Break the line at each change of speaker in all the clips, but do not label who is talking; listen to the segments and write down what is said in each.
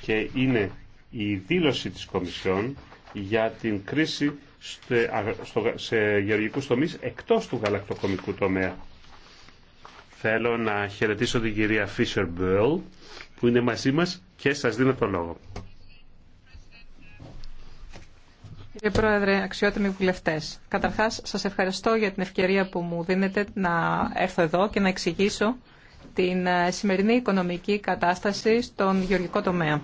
και είναι η δήλωση της Κομισιόν για την κρίση σε γεωργικούς τομείς εκτός του γαλακτοκομικού τομέα. Θέλω να χαιρετήσω την κυρία Φίσερ Μπέλ που είναι μαζί μας και σας δίνω το λόγο.
Κύριε Πρόεδρε, αξιότιμοι βουλευτέ, καταρχάς σας ευχαριστώ για την ευκαιρία που μου δίνετε να έρθω εδώ και να εξηγήσω την ε, σημερινή οικονομική κατάσταση στον γεωργικό τομέα.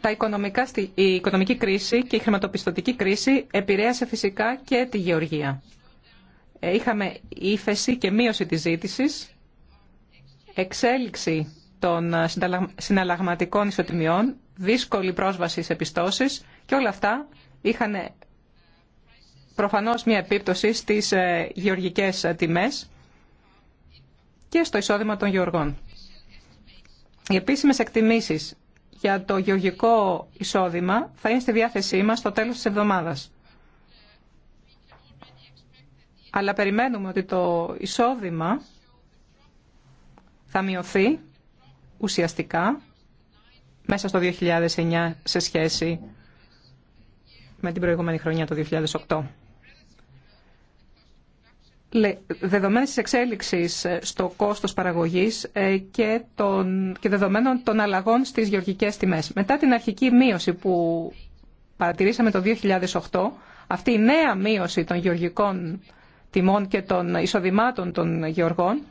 Τα οικονομικά, η οικονομική κρίση και η χρηματοπιστωτική κρίση επηρέασε φυσικά και τη γεωργία. Ε, είχαμε ύφεση και μείωση της ζήτησης, εξέλιξη των ε, συναλλαγματικών ισοτιμιών, δύσκολη πρόσβαση σε πιστώσεις και όλα αυτά είχαν προφανώς μια επίπτωση στις γεωργικές τιμές και στο εισόδημα των γεωργών. Οι επίσημε εκτιμήσει για το γεωργικό εισόδημα θα είναι στη διάθεσή μα στο τέλος τη εβδομάδας. Αλλά περιμένουμε ότι το εισόδημα θα μειωθεί ουσιαστικά μέσα στο 2009 σε σχέση με την προηγούμενη χρονιά το 2008 δεδομένης της εξέλιξης ε, στο κόστος παραγωγής ε, και, των, και δεδομένων των αλλαγών στις γεωργικές τιμές. Μετά την αρχική μείωση που παρατηρήσαμε το 2008, αυτή η νέα μείωση των γεωργικών τιμών και των εισοδημάτων των γεωργών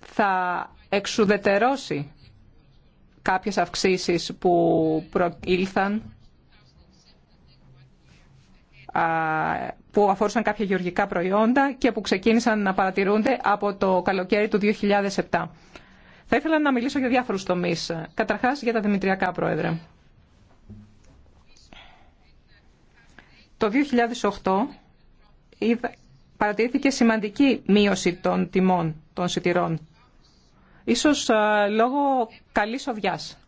θα εξουδετερώσει κάποιες αυξήσεις που προήλθαν που αφορούσαν κάποια γεωργικά προϊόντα και που ξεκίνησαν να παρατηρούνται από το καλοκαίρι του 2007. Θα ήθελα να μιλήσω για διάφορους τομείς. Καταρχάς για τα Δημητριακά, Πρόεδρε. Το 2008 παρατηρήθηκε σημαντική μείωση των τιμών των σιτηρών. Ίσως λόγω καλής οδειάς.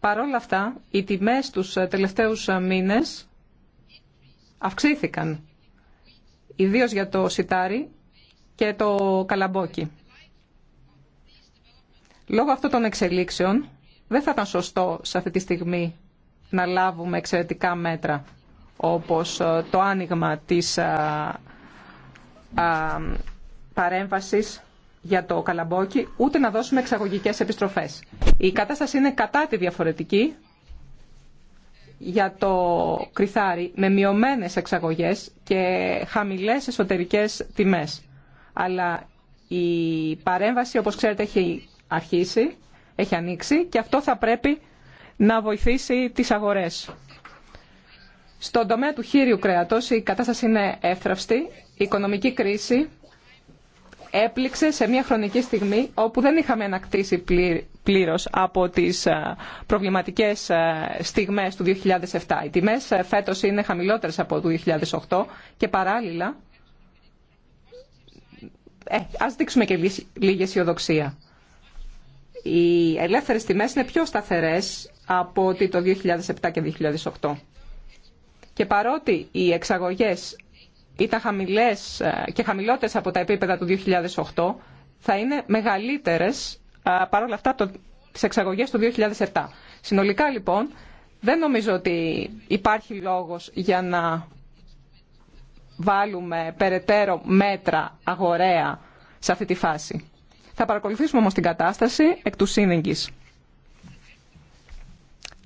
Παρόλα αυτά, οι τιμές τους ε, τελευταίους ε, μήνες αυξήθηκαν, ιδίω για το σιτάρι και το καλαμπόκι. Λόγω αυτών των εξελίξεων δεν θα ήταν σωστό σε αυτή τη στιγμή να λάβουμε εξαιρετικά μέτρα όπως ε, το άνοιγμα της ε, ε, παρέμβασης για το καλαμπόκι, ούτε να δώσουμε εξαγωγικές επιστροφές. Η κατάσταση είναι κατά τη διαφορετική για το κρυθάρι με μειωμένες εξαγωγές και χαμηλές εσωτερικές τιμές. Αλλά η παρέμβαση, όπως ξέρετε, έχει αρχίσει, έχει ανοίξει και αυτό θα πρέπει να βοηθήσει τις αγορές. Στον τομέα του χείριου κρέατος η κατάσταση είναι εύθραυστη. Η οικονομική κρίση έπληξε σε μια χρονική στιγμή όπου δεν είχαμε ανακτήσει πλήρη πλήρως από τις ε, προβληματικές ε, στιγμές του 2007. Οι τιμέ ε, φέτος είναι χαμηλότερε από το 2008 και παράλληλα ε, ας δείξουμε και λίγη αισιοδοξία. Οι ελεύθερε τιμές είναι πιο σταθερές από ότι το 2007 και 2008. Και παρότι οι εξαγωγέ ήταν χαμηλές και χαμηλότερες από τα επίπεδα του 2008, θα είναι μεγαλύτερες Παρ' όλα αυτά, το, τις εξαγωγές του 2007. Συνολικά, λοιπόν, δεν νομίζω ότι υπάρχει λόγος για να βάλουμε περαιτέρω μέτρα αγορέα σε αυτή τη φάση. Θα παρακολουθήσουμε όμως την κατάσταση εκ του σύνεγγης.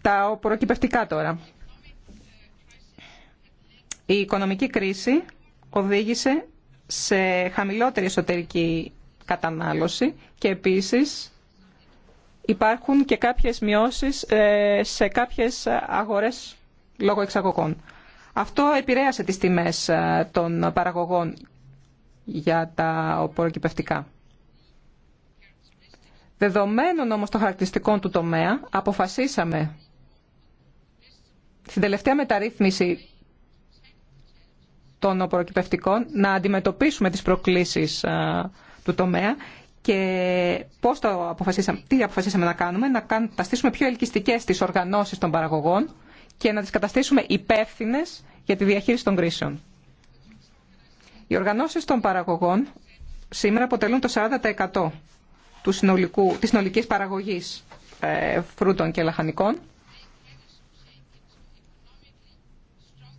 Τα προκυπευτικά τώρα. Η οικονομική κρίση οδήγησε σε χαμηλότερη εσωτερική κατανάλωση και επίσης υπάρχουν και κάποιες μειώσεις ε, σε κάποιες αγορές λόγω εξαγωγών. Αυτό επηρέασε τις τιμές ε, των παραγωγών για τα οποροκυπευτικά. Δεδομένων όμως των χαρακτηριστικών του τομέα, αποφασίσαμε στην τελευταία μεταρρύθμιση των οποροκυπευτικών να αντιμετωπίσουμε τις προκλήσεις ε, του τομέα και πώς το αποφασίσαμε, τι αποφασίσαμε να κάνουμε, να καταστήσουμε πιο ελκυστικές τις οργανώσεις των παραγωγών και να τις καταστήσουμε υπεύθυνε για τη διαχείριση των κρίσεων. Οι οργανώσεις των παραγωγών σήμερα αποτελούν το 40% του συνολικού, της συνολικής παραγωγής ε, φρούτων και λαχανικών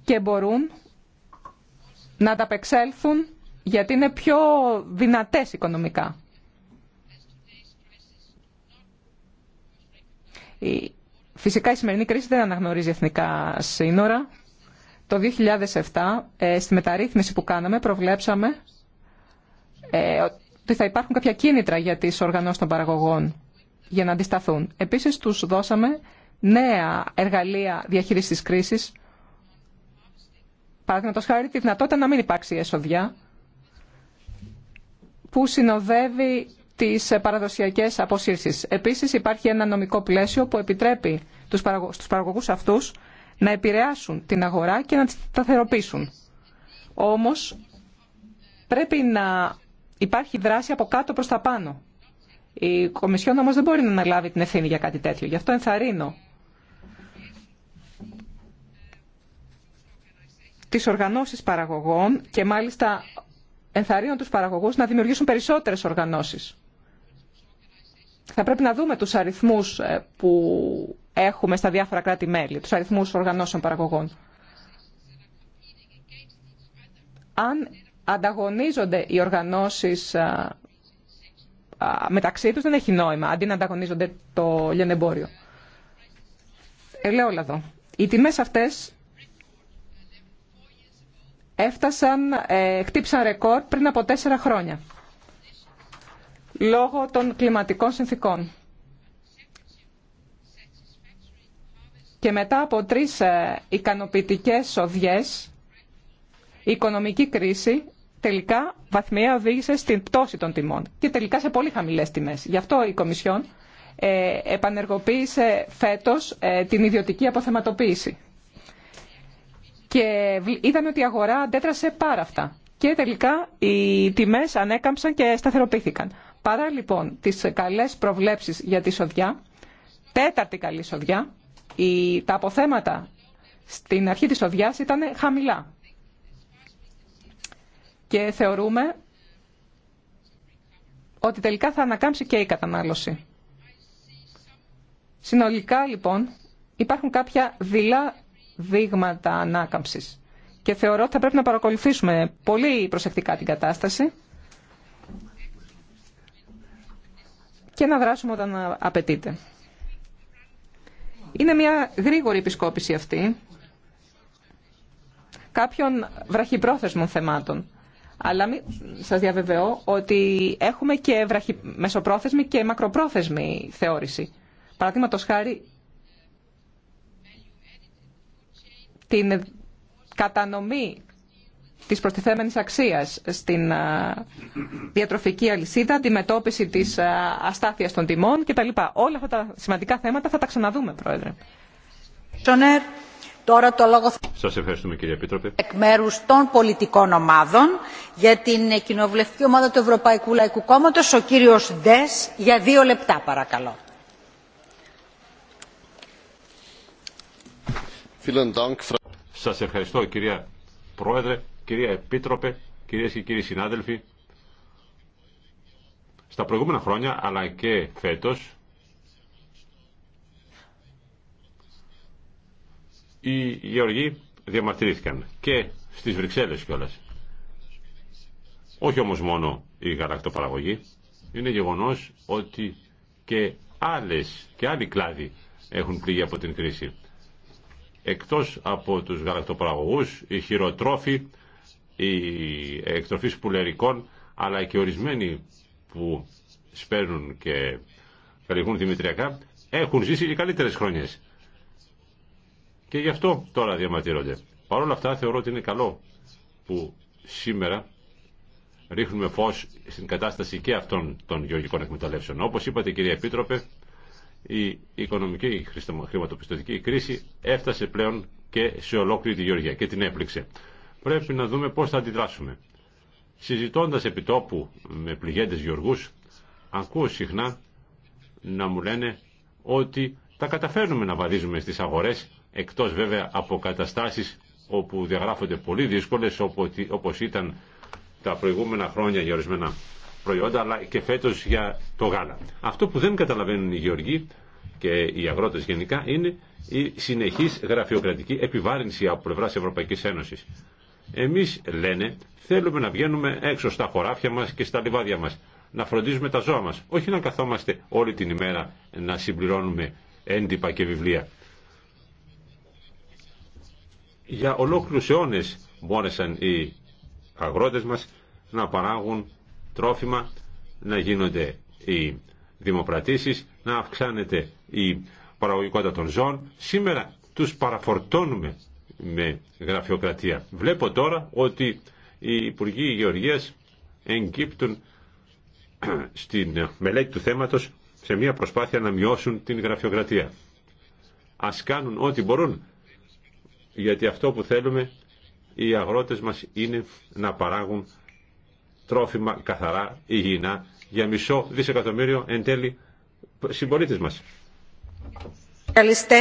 και μπορούν να ανταπεξέλθουν γιατί είναι πιο δυνατές οικονομικά. Φυσικά η σημερινή κρίση δεν αναγνωρίζει εθνικά σύνορα. Το 2007, ε, στη μεταρρύθμιση που κάναμε, προβλέψαμε ε, ότι θα υπάρχουν κάποια κίνητρα για τις οργανώσεις των παραγωγών για να αντισταθούν. Επίσης, τους δώσαμε νέα εργαλεία διαχείρισης της κρίσης. Παραδείγματος χάρη τη δυνατότητα να μην υπάρξει εσοδιά που συνοδεύει τις παραδοσιακές αποσύρσεις. Επίσης υπάρχει ένα νομικό πλαίσιο που επιτρέπει τους παραγωγού αυτού παραγωγούς αυτούς να επηρεάσουν την αγορά και να τη σταθεροποιήσουν. Όμως πρέπει να υπάρχει δράση από κάτω προς τα πάνω. Η Κομισιόν όμως δεν μπορεί να αναλάβει την ευθύνη για κάτι τέτοιο. Γι' αυτό ενθαρρύνω τις οργανώσεις παραγωγών και μάλιστα ενθαρρύνουν τους παραγωγούς να δημιουργήσουν περισσότερες οργανώσεις. Θα πρέπει να δούμε τους αριθμούς ε, που έχουμε στα διάφορα κράτη-μέλη, τους αριθμούς οργανώσεων παραγωγών. Αν ανταγωνίζονται οι οργανώσεις ε, μεταξύ τους δεν έχει νόημα, αντί να ανταγωνίζονται το λιανεμπόριο. Ελαιόλαδο. Οι τιμές αυτές έφτασαν, ε, χτύψαν ρεκόρ πριν από τέσσερα χρόνια λόγω των κλιματικών συνθήκων. Και μετά από τρεις ε, ικανοποιητικές οδιές, η οικονομική κρίση τελικά βαθμία οδήγησε στην πτώση των τιμών και τελικά σε πολύ χαμηλές τιμές. Γι' αυτό η Κομισιόν ε, επανεργοποίησε φέτος την ιδιωτική αποθεματοποίηση και είδαμε ότι η αγορά αντέδρασε πάρα αυτά. Και τελικά οι τιμές ανέκαμψαν και σταθεροποιήθηκαν. Παρά λοιπόν τις καλές προβλέψεις για τη σοδιά, τέταρτη καλή σοδιά, η, τα αποθέματα στην αρχή της σοδιάς ήταν χαμηλά. Και θεωρούμε ότι τελικά θα ανακάμψει και η κατανάλωση. Συνολικά λοιπόν υπάρχουν κάποια δειλά δείγματα ανάκαμψης. Και θεωρώ ότι θα πρέπει να παρακολουθήσουμε πολύ προσεκτικά την κατάσταση και να δράσουμε όταν απαιτείται. Είναι μια γρήγορη επισκόπηση αυτή κάποιων βραχυπρόθεσμων θεμάτων. Αλλά σας διαβεβαιώ ότι έχουμε και βραχυ... μεσοπρόθεσμη και μακροπρόθεσμη θεώρηση. Παραδείγματο χάρη την κατανομή της προστιθέμενης αξίας στην διατροφική αλυσίδα, αντιμετώπιση της αστάθειας των τιμών κτλ. Όλα αυτά τα σημαντικά θέματα θα τα ξαναδούμε, Πρόεδρε.
Τώρα το λόγο
Σας ευχαριστούμε κύριε Επίτροπε.
Εκ μέρου των πολιτικών ομάδων για την κοινοβουλευτική ομάδα του Ευρωπαϊκού Λαϊκού Κόμματος ο κύριος Ντες για δύο λεπτά παρακαλώ.
Σας ευχαριστώ κυρία Πρόεδρε, κυρία Επίτροπε, κυρίες και κύριοι συνάδελφοι. Στα προηγούμενα χρόνια αλλά και φέτος οι γεωργοί διαμαρτυρήθηκαν και στις Βρυξέλλες κιόλας. Όχι όμως μόνο η γαλακτοπαραγωγή, είναι γεγονός ότι και άλλες και άλλοι κλάδοι έχουν πληγεί από την κρίση εκτός από τους γαλακτοπαραγωγούς, οι χειροτρόφοι, οι εκτροφείς πουλερικών, αλλά και ορισμένοι που σπέρνουν και καλλιεργούν δημητριακά, έχουν ζήσει και καλύτερες χρονιές. Και γι' αυτό τώρα διαμαρτύρονται. Παρ' όλα αυτά θεωρώ ότι είναι καλό που σήμερα ρίχνουμε φως στην κατάσταση και αυτών των γεωργικών εκμεταλλεύσεων. Όπως είπατε κύριε Επίτροπε, η οικονομική, χρηματοπιστωτική κρίση έφτασε πλέον και σε ολόκληρη τη Γεωργία και την έπληξε. Πρέπει να δούμε πώς θα αντιδράσουμε. Συζητώντας επί τόπου με πληγέντες γεωργούς, ακούω συχνά να μου λένε ότι τα καταφέρνουμε να βαδίζουμε στις αγορές, εκτός βέβαια από καταστάσεις όπου διαγράφονται πολύ δύσκολες όπως ήταν τα προηγούμενα χρόνια για προϊόντα αλλά και φέτος για το γάλα. Αυτό που δεν καταλαβαίνουν οι γεωργοί και οι αγρότε γενικά είναι η συνεχή γραφειοκρατική επιβάρυνση από πλευρά ευρωπαικη Ένωση. Εμεί λένε θέλουμε να βγαίνουμε έξω στα χωράφια μα και στα λιβάδια μα, να φροντίζουμε τα ζώα μα. όχι να καθόμαστε όλη την ημέρα να συμπληρώνουμε έντυπα και βιβλία. Για ολόκληρους αιώνε μπόρεσαν οι αγρότες μας να παράγουν τρόφιμα, να γίνονται οι δημοπρατήσεις, να αυξάνεται η παραγωγικότητα των ζώων. Σήμερα τους παραφορτώνουμε με γραφειοκρατία. Βλέπω τώρα ότι οι Υπουργοί Γεωργίας εγκύπτουν στην μελέτη του θέματος σε μια προσπάθεια να μειώσουν την γραφειοκρατία. Ας κάνουν ό,τι μπορούν, γιατί αυτό που θέλουμε οι αγρότες μας είναι να παράγουν τρόφιμα καθαρά, υγιεινά για μισό δισεκατομμύριο εν τέλει συμπολίτε μα.
Ε,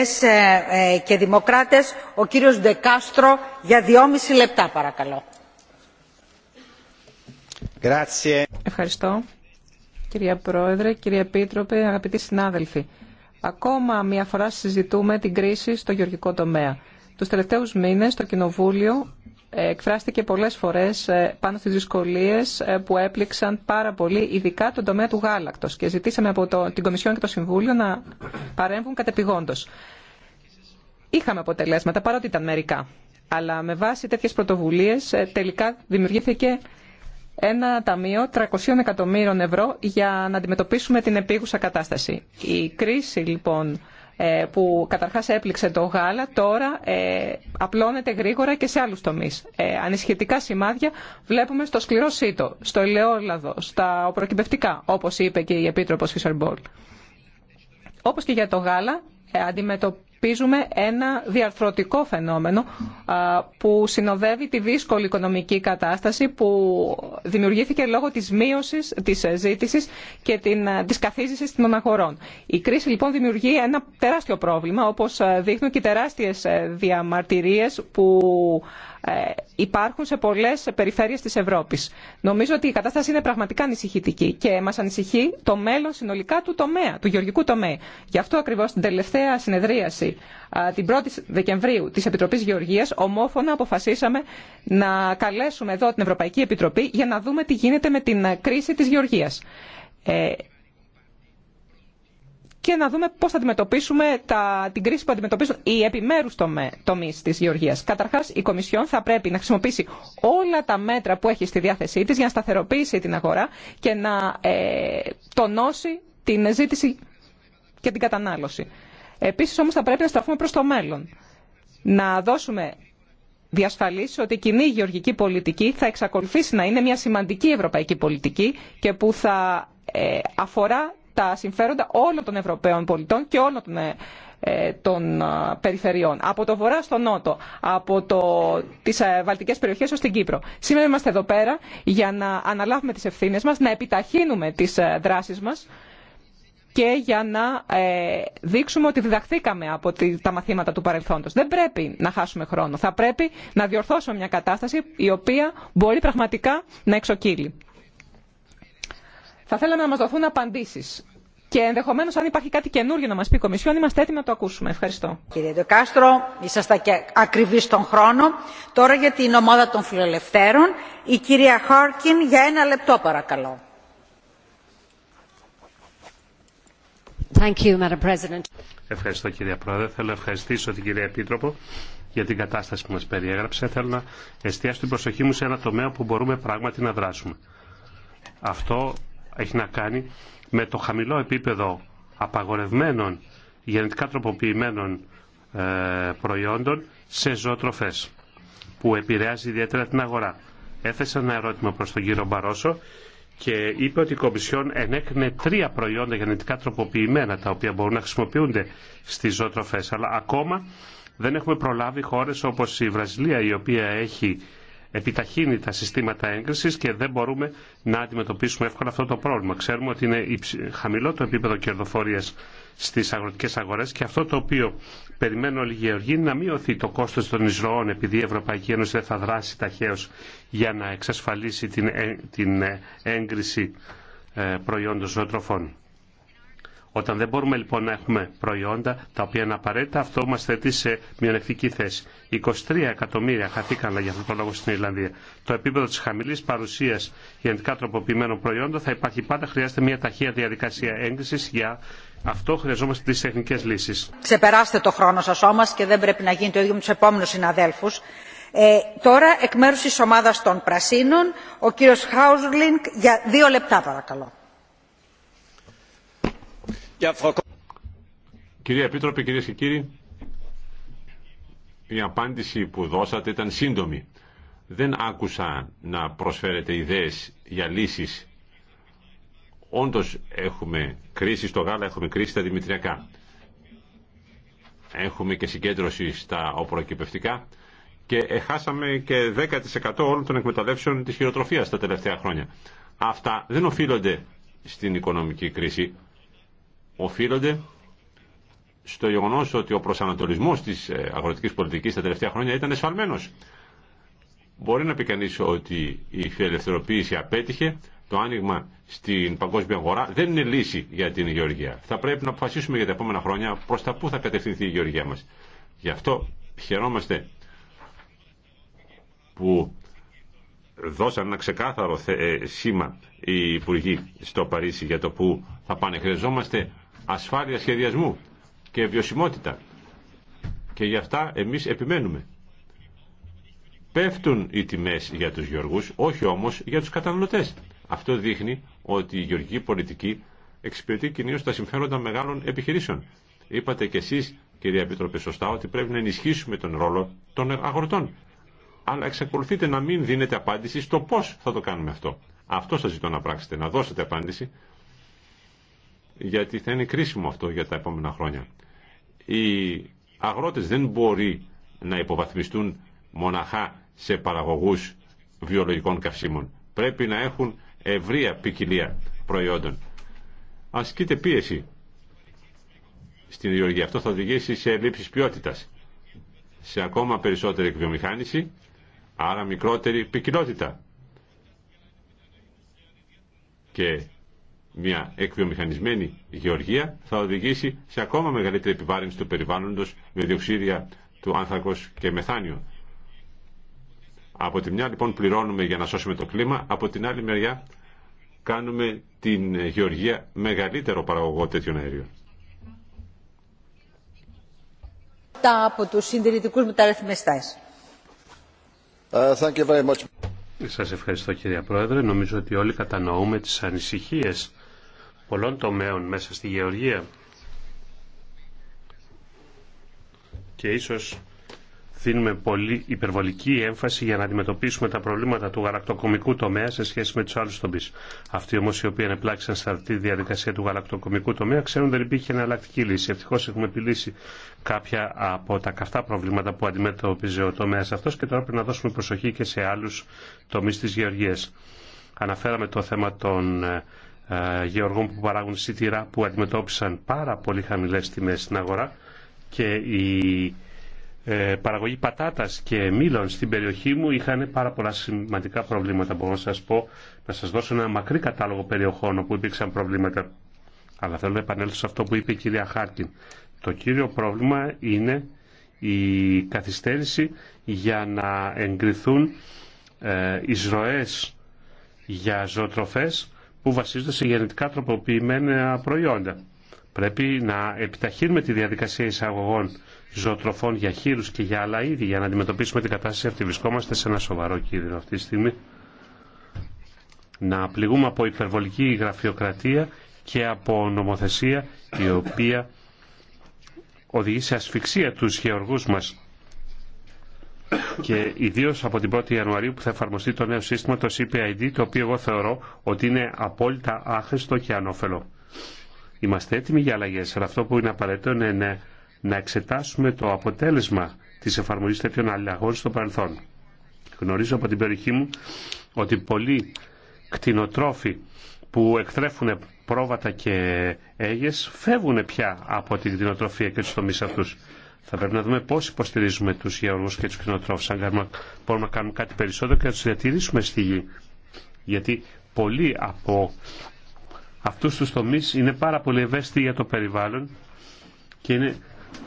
ε, και Δημοκράτες, ο κύριος Ντεκάστρο για δυόμιση
λεπτά παρακαλώ. Ευχαριστώ. Κυρία Πρόεδρε, κύριε Επίτροπε, αγαπητοί συνάδελφοι. Ακόμα μια φορά συζητούμε την κρίση στο γεωργικό τομέα. Τους τελευταίους μήνες το Κοινοβούλιο εκφράστηκε πολλές φορές ε, πάνω στις δυσκολίες ε, που έπληξαν πάρα πολύ ειδικά τον τομέα του γάλακτος και ζητήσαμε από το, την Κομισιόν και το Συμβούλιο να παρέμβουν κατεπηγόντως. Είχαμε αποτελέσματα παρότι ήταν μερικά, αλλά με βάση τέτοιες πρωτοβουλίες ε, τελικά δημιουργήθηκε ένα ταμείο 300 εκατομμύρων ευρώ για να αντιμετωπίσουμε την επίγουσα κατάσταση. Η κρίση λοιπόν ε, που καταρχάς έπληξε το γάλα τώρα ε, απλώνεται γρήγορα και σε άλλους τομείς. Ε, ανισχυτικά σημάδια βλέπουμε στο σκληρό σύτο, στο ελαιόλαδο, στα οπροκυπευτικά, όπως είπε και η Επίτροπος Φισερμπόλ. Όπως και για το γάλα, αντιμετωπίζουμε πίζουμε ένα διαρθρωτικό φαινόμενο που συνοδεύει τη δύσκολη οικονομική κατάσταση που δημιουργήθηκε λόγω της μείωσης της ζήτησης και της καθίζησης των αγορών. Η κρίση λοιπόν δημιουργεί ένα τεράστιο πρόβλημα όπως δείχνουν και τεράστιες διαμαρτυρίες που ε, υπάρχουν σε πολλέ περιφέρειες τη Ευρώπη. Νομίζω ότι η κατάσταση είναι πραγματικά ανησυχητική και μα ανησυχεί το μέλλον συνολικά του τομέα, του γεωργικού τομέα. Γι' αυτό ακριβώ την τελευταία συνεδρίαση, την 1η Δεκεμβρίου τη Επιτροπή Γεωργία, ομόφωνα αποφασίσαμε να καλέσουμε εδώ την Ευρωπαϊκή Επιτροπή για να δούμε τι γίνεται με την κρίση τη γεωργία. Ε, και να δούμε πώς θα αντιμετωπίσουμε τα, την κρίση που αντιμετωπίζουν οι επιμέρους τομείς της γεωργίας. Καταρχάς, η Κομισιόν θα πρέπει να χρησιμοποιήσει όλα τα μέτρα που έχει στη διάθεσή της για να σταθεροποιήσει την αγορά και να ε, τονώσει την ζήτηση και την κατανάλωση. Επίσης, όμως, θα πρέπει να στραφούμε προς το μέλλον. Να δώσουμε διασφαλίσει ότι η κοινή γεωργική πολιτική θα εξακολουθήσει να είναι μια σημαντική ευρωπαϊκή πολιτική και που θα ε, αφορά τα συμφέροντα όλων των Ευρωπαίων πολιτών και όλων ε, ε, των, ε, περιφερειών. Από το βορρά στο νότο, από το, τις ε, βαλτικές περιοχές ως την Κύπρο. Σήμερα είμαστε εδώ πέρα για να αναλάβουμε τις ευθύνες μας, να επιταχύνουμε τις ε, δράσεις μας και για να ε, δείξουμε ότι διδαχθήκαμε από τα μαθήματα του παρελθόντος. Δεν πρέπει να χάσουμε χρόνο. Θα πρέπει να διορθώσουμε μια κατάσταση η οποία μπορεί πραγματικά να εξοκύλει. Θα θέλαμε να μα δοθούν απαντήσει. Και ενδεχομένω, αν υπάρχει κάτι καινούργιο να μα πει η Κομισιόν, είμαστε έτοιμοι να το ακούσουμε. Ευχαριστώ. Κύριε Δεκαστρο, ήσασταν και ακριβεί στον χρόνο. Τώρα για
την ομάδα των φιλελευθέρων, η κυρία Χάρκιν για ένα λεπτό παρακαλώ.
Thank you, Madam President.
Ευχαριστώ κυρία Πρόεδρε. Θέλω να ευχαριστήσω την κυρία Επίτροπο για την κατάσταση που μας περιέγραψε. Θέλω να εστιάσω την προσοχή μου σε ένα τομέα που μπορούμε πράγματι να δράσουμε. Αυτό έχει να κάνει με το χαμηλό επίπεδο απαγορευμένων γενετικά τροποποιημένων ε, προϊόντων σε ζωοτροφές που επηρεάζει ιδιαίτερα την αγορά. Έθεσα ένα ερώτημα προς τον κύριο Μπαρόσο και είπε ότι η Κομισιόν ενέκρινε τρία προϊόντα γενετικά τροποποιημένα τα οποία μπορούν να χρησιμοποιούνται στις ζωοτροφές αλλά ακόμα δεν έχουμε προλάβει χώρες όπως η Βραζιλία η οποία έχει επιταχύνει τα συστήματα έγκρισης και δεν μπορούμε να αντιμετωπίσουμε εύκολα αυτό το πρόβλημα. Ξέρουμε ότι είναι χαμηλό το επίπεδο κερδοφορία στις αγροτικές αγορές και αυτό το οποίο περιμένουν όλοι οι γεωργοί είναι να μειωθεί το κόστος των εισρωών επειδή η Ευρωπαϊκή Ένωση δεν θα δράσει ταχαίω για να εξασφαλίσει την ε, ε, έγκριση ε, προϊόντων ζωοτροφών. Όταν δεν μπορούμε λοιπόν να έχουμε προϊόντα τα οποία είναι απαραίτητα, αυτό μας θέτει σε μειονεκτική θέση. 23 εκατομμύρια χαθήκαν για αυτόν τον λόγο στην Ιρλανδία. Το επίπεδο της χαμηλής παρουσίας γενικά τροποποιημένων προϊόντων θα υπάρχει πάντα. Χρειάζεται μια ταχεία διαδικασία έγκρισης για αυτό χρειαζόμαστε τις τεχνικές λύσεις.
Ξεπεράστε το χρόνο σα όμως και δεν πρέπει να γίνει το ίδιο με του επόμενου συναδέλφου. Ε, τώρα εκ μέρου τη ομάδα των Πρασίνων, ο κύριο Χάουσλινγκ για δύο λεπτά παρακαλώ.
Κυρία Επίτροπε, κυρίε και κύριοι, η απάντηση που δώσατε ήταν σύντομη. Δεν άκουσα να προσφέρετε ιδέες για λύσεις. Όντως έχουμε κρίση στο γάλα, έχουμε κρίση στα δημητριακά. Έχουμε και συγκέντρωση στα οπροκυπευτικά και χάσαμε και 10% όλων των εκμεταλλεύσεων της χειροτροφίας τα τελευταία χρόνια. Αυτά δεν οφείλονται στην οικονομική κρίση, οφείλονται στο γεγονό ότι ο προσανατολισμό τη ε, αγροτική πολιτική τα τελευταία χρόνια ήταν εσφαλμένο. Μπορεί να πει κανεί ότι η φιλελευθερωποίηση απέτυχε, το άνοιγμα στην παγκόσμια αγορά δεν είναι λύση για την γεωργία. Θα πρέπει να αποφασίσουμε για τα επόμενα χρόνια προ τα πού θα κατευθυνθεί η γεωργία μα. Γι' αυτό χαιρόμαστε που δώσαν ένα ξεκάθαρο ε, σήμα οι υπουργοί στο Παρίσι για το που θα πάνε. Χρειαζόμαστε ασφάλεια σχεδιασμού και βιωσιμότητα. Και γι' αυτά εμείς επιμένουμε. Πέφτουν οι τιμές για τους γεωργούς, όχι όμως για τους καταναλωτές. Αυτό δείχνει ότι η γεωργική πολιτική εξυπηρετεί κυρίως τα συμφέροντα μεγάλων επιχειρήσεων. Είπατε κι εσείς, κυρία Επίτροπε, σωστά, ότι πρέπει να ενισχύσουμε τον ρόλο των αγροτών. Αλλά εξακολουθείτε να μην δίνετε απάντηση στο πώς θα το κάνουμε αυτό. Αυτό σας ζητώ να πράξετε, να δώσετε απάντηση γιατί θα είναι κρίσιμο αυτό για τα επόμενα χρόνια. Οι αγρότες δεν μπορεί να υποβαθμιστούν μοναχά σε παραγωγούς βιολογικών καυσίμων. Πρέπει να έχουν ευρεία ποικιλία προϊόντων. Ασκείται πίεση στην υγειοργία. Αυτό θα οδηγήσει σε ελλείψεις ποιότητας, σε ακόμα περισσότερη εκβιομηχάνηση, άρα μικρότερη ποικιλότητα. Και μια εκβιομηχανισμένη γεωργία θα οδηγήσει σε ακόμα μεγαλύτερη επιβάρυνση του περιβάλλοντος με διοξίδια του άνθρακος και μεθάνιο. Από τη μια λοιπόν πληρώνουμε για να σώσουμε το κλίμα, από την άλλη μεριά κάνουμε την γεωργία μεγαλύτερο παραγωγό τέτοιων αερίων.
Τα από τους συντηρητικούς
ε, Σας ευχαριστώ κύριε Πρόεδρε. Νομίζω ότι όλοι κατανοούμε τις ανησυχίες πολλών τομέων μέσα στη γεωργία και ίσως δίνουμε πολύ υπερβολική έμφαση για να αντιμετωπίσουμε τα προβλήματα του γαλακτοκομικού τομέα σε σχέση με του άλλου τομεί. Αυτοί όμω οι οποίοι ανεπλάξαν σε αυτή τη διαδικασία του γαλακτοκομικού τομέα ξέρουν δεν υπήρχε εναλλακτική λύση. Ευτυχώ έχουμε επιλύσει κάποια από τα καυτά προβλήματα που αντιμετώπιζε ο τομέα αυτό και τώρα πρέπει να δώσουμε προσοχή και σε άλλου τομεί τη γεωργία. Αναφέραμε το θέμα των ε, ε, γεωργών που παράγουν σιτηρά που αντιμετώπισαν πάρα πολύ χαμηλές τιμές στην αγορά και η ε, παραγωγή πατάτας και μήλων στην περιοχή μου είχαν πάρα πολλά σημαντικά προβλήματα. Μπορώ να σας πω, να σας δώσω ένα μακρύ κατάλογο περιοχών όπου υπήρξαν προβλήματα. Αλλά θέλω να επανέλθω σε αυτό που είπε η κυρία Χάρκιν. Το κύριο πρόβλημα είναι η καθυστέρηση για να εγκριθούν ε, εισρωές για ζωοτροφές που βασίζονται σε γενετικά τροποποιημένα προϊόντα. Πρέπει να επιταχύνουμε τη διαδικασία εισαγωγών ζωοτροφών για χείρους και για άλλα είδη για να αντιμετωπίσουμε την κατάσταση αυτή. Βρισκόμαστε σε ένα σοβαρό κίνδυνο αυτή τη στιγμή. Να πληγούμε από υπερβολική γραφειοκρατία και από νομοθεσία η οποία οδηγεί σε ασφυξία τους γεωργούς μας και ιδίω από την 1η Ιανουαρίου που θα εφαρμοστεί το νέο σύστημα, το CPID, το οποίο εγώ θεωρώ ότι είναι απόλυτα άχρηστο και ανώφελο. Είμαστε έτοιμοι για αλλαγέ, αλλά αυτό που είναι απαραίτητο είναι να εξετάσουμε το αποτέλεσμα τη εφαρμογή τέτοιων αλλαγών στο παρελθόν. Γνωρίζω από την περιοχή μου ότι πολλοί κτηνοτρόφοι που εκτρέφουν πρόβατα και έγες φεύγουν πια από την κτηνοτροφία και τους τομείς αυτούς. Θα πρέπει να δούμε πώ υποστηρίζουμε του γεωργού και του κτηνοτρόφου. Αν μπορούμε να κάνουμε κάτι περισσότερο και να του διατηρήσουμε στη γη. Γιατί πολλοί από αυτού του τομεί είναι πάρα πολύ ευαίσθητοι για το περιβάλλον και είναι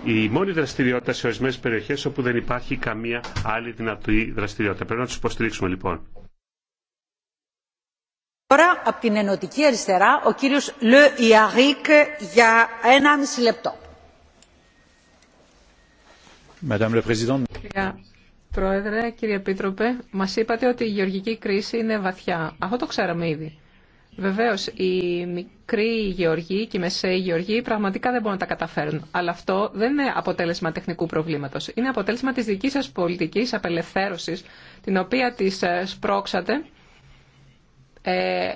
η μόνη δραστηριότητα σε ορισμένε περιοχέ όπου δεν υπάρχει καμία άλλη δυνατή δραστηριότητα. Πρέπει να του υποστηρίξουμε λοιπόν.
Τώρα από την Ενωτική Αριστερά ο κύριος Λε Ιαρίκ για 1,5 λεπτό.
Κυρία
Πρόεδρε, κύριε Επίτροπε, μας είπατε ότι η γεωργική κρίση είναι βαθιά. Αυτό το ξέραμε ήδη. Βεβαίω, οι μικροί γεωργοί και οι μεσαίοι γεωργοί πραγματικά δεν μπορούν να τα καταφέρουν. Αλλά αυτό δεν είναι αποτέλεσμα τεχνικού προβλήματο. Είναι αποτέλεσμα τη δική σα πολιτική απελευθέρωση, την οποία τη ε, σπρώξατε ε,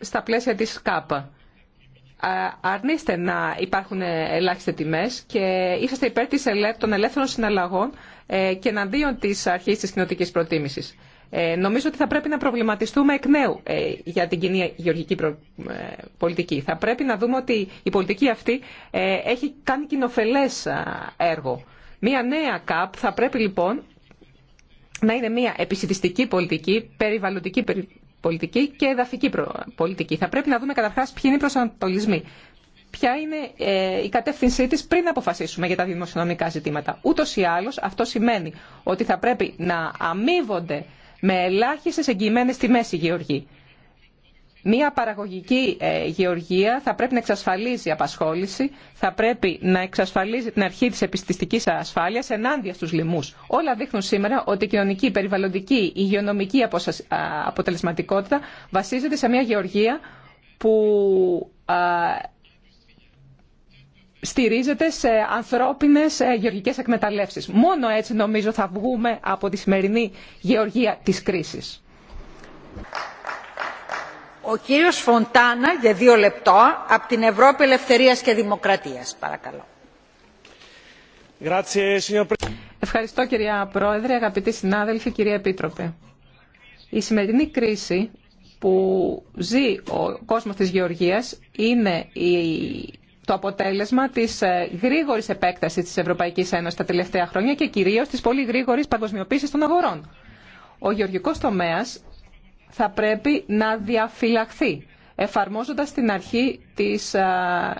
στα πλαίσια τη ΚΑΠΑ αρνείστε να υπάρχουν ελάχιστε τιμέ και είσαστε υπέρ των ελεύθερων συναλλαγών ε, και εναντίον της αρχή της προτίμηση. προτίμησης. Ε, νομίζω ότι θα πρέπει να προβληματιστούμε εκ νέου ε, για την κοινή γεωργική πολιτική. Θα πρέπει να δούμε ότι η πολιτική αυτή έχει κάνει κοινοφελές έργο. Μία νέα ΚΑΠ θα πρέπει λοιπόν να είναι μια επισητιστική πολιτική, περιβαλλοντική πολιτική και εδαφική πολιτική. Θα πρέπει να δούμε καταρχάς ποιοι είναι οι προσανατολισμοί. Ποια είναι ε, η κατεύθυνσή της πριν αποφασίσουμε για τα δημοσιονομικά ζητήματα. Ούτω ή άλλω, αυτό σημαίνει ότι θα πρέπει να αμείβονται με ελάχιστες εγγυημένε τιμές οι γεωργοί. Μία παραγωγική ε, γεωργία θα πρέπει να εξασφαλίζει απασχόληση, θα πρέπει να εξασφαλίζει την αρχή της επιστηστικής ασφάλειας ενάντια στους λοιμούς. Όλα δείχνουν σήμερα ότι η κοινωνική, περιβαλλοντική, η υγειονομική αποτελεσματικότητα βασίζεται σε μια γεωργία που στηρίζεται σε ανθρώπινες ε, γεωργικές εκμεταλλεύσεις. Μόνο έτσι νομίζω θα βγούμε από τη σημερινή γεωργία της κρίσης. Ο κύριος Φοντάνα
για δύο λεπτά από την Ευρώπη Ελευθερίας και Δημοκρατίας. Παρακαλώ.
Ευχαριστώ κυρία Πρόεδρε, αγαπητοί συνάδελφοι, κυρία Επίτροπε. Η σημερινή κρίση που ζει ο κόσμος της Γεωργίας είναι το αποτέλεσμα της ε, γρήγορης επέκτασης της Ευρωπαϊκής Ένωσης τα τελευταία χρόνια και κυρίως της πολύ γρήγορης παγκοσμιοποίησης των αγορών. Ο γεωργικός τομέας θα πρέπει να διαφυλαχθεί εφαρμόζοντας την αρχή της α,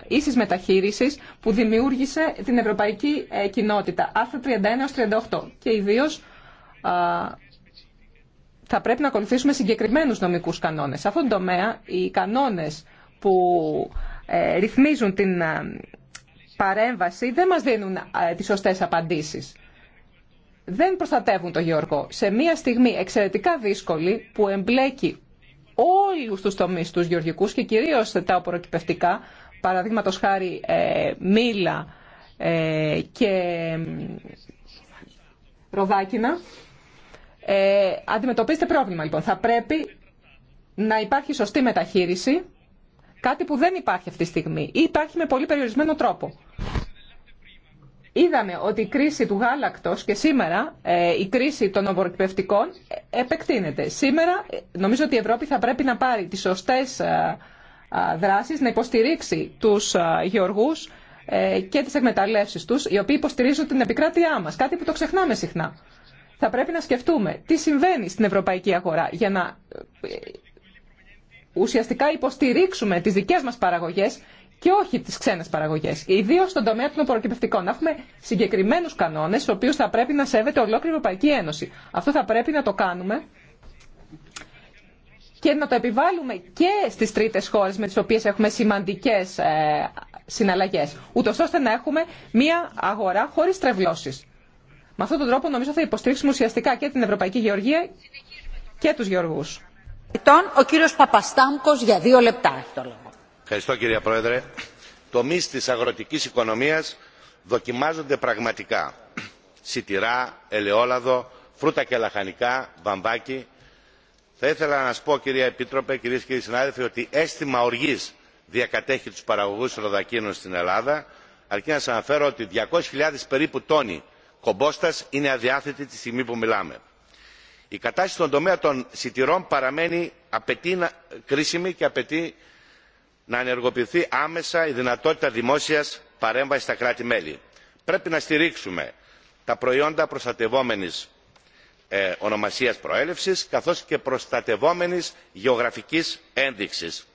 ίσης μεταχείρισης που δημιούργησε την Ευρωπαϊκή ε, Κοινότητα, άρθρο 31-38. Και ιδίως θα πρέπει να ακολουθήσουμε συγκεκριμένους νομικούς κανόνες. Σε αυτόν τον τομέα, οι κανόνες που ε, ρυθμίζουν την παρέμβαση δεν μας δίνουν τις σωστές απαντήσεις δεν προστατεύουν τον Γεωργό. Σε μια στιγμή εξαιρετικά δύσκολη που εμπλέκει όλους τους τομείς τους γεωργικούς και κυρίως τα οποροκυπευτικά, παραδείγματο χάρη ε, μήλα ε, και ροδάκινα, ε, αντιμετωπίζετε πρόβλημα λοιπόν. Θα πρέπει να υπάρχει σωστή μεταχείριση, κάτι που δεν υπάρχει αυτή τη στιγμή ή υπάρχει με πολύ περιορισμένο τρόπο. Είδαμε ότι η κρίση του γάλακτος και σήμερα ε, η κρίση των οβορκυπευτικών ε, επεκτείνεται. Σήμερα ε, νομίζω ότι η Ευρώπη θα πρέπει να πάρει τις σωστές δράσεις, να υποστηρίξει τους γεωργούς και τις εκμεταλλεύσεις τους, οι οποίοι υποστηρίζουν την επικράτειά μας, κάτι που το ξεχνάμε συχνά. Θα πρέπει να σκεφτούμε τι συμβαίνει στην ευρωπαϊκή αγορά για να ουσιαστικά υποστηρίξουμε τις δικές μας παραγωγές και όχι τι ξένε παραγωγέ. Ιδίω στον τομέα των απορροκυπευτικών. Να έχουμε συγκεκριμένου κανόνε, του οποίου θα πρέπει να σέβεται ολόκληρη η Ευρωπαϊκή Ένωση. Αυτό θα πρέπει να το κάνουμε και να το επιβάλλουμε και στι τρίτε χώρε με τι οποίε έχουμε σημαντικέ ε, συναλλαγές, ούτως ώστε να έχουμε μία αγορά χωρί τρευλώσει. Με αυτόν τον τρόπο νομίζω θα υποστηρίξουμε ουσιαστικά και την Ευρωπαϊκή Γεωργία και του Γεωργού. Ο για δύο λεπτά
Ευχαριστώ κύριε Πρόεδρε. Τομείς της αγροτικής οικονομίας δοκιμάζονται πραγματικά. Σιτηρά, ελαιόλαδο, φρούτα και λαχανικά, βαμβάκι. Θα ήθελα να σας πω κυρία Επίτροπε, κυρίες και κύριοι συνάδελφοι, ότι αίσθημα οργής διακατέχει τους παραγωγούς ροδακίνων στην Ελλάδα, αρκεί να σας αναφέρω ότι 200.000 περίπου τόνοι κομπόστας είναι αδιάθετοι τη στιγμή που μιλάμε. Η κατάσταση στον τομέα των σιτηρών παραμένει απαιτεί κρίσιμη και απαιτεί να ενεργοποιηθεί άμεσα η δυνατότητα δημόσιας παρέμβασης στα κράτη μέλη. πρέπει να στηρίξουμε τα προϊόντα προστατευόμενης ε, ονομασίας προέλευσης καθώς και προστατευόμενης γεωγραφικής ένδειξης.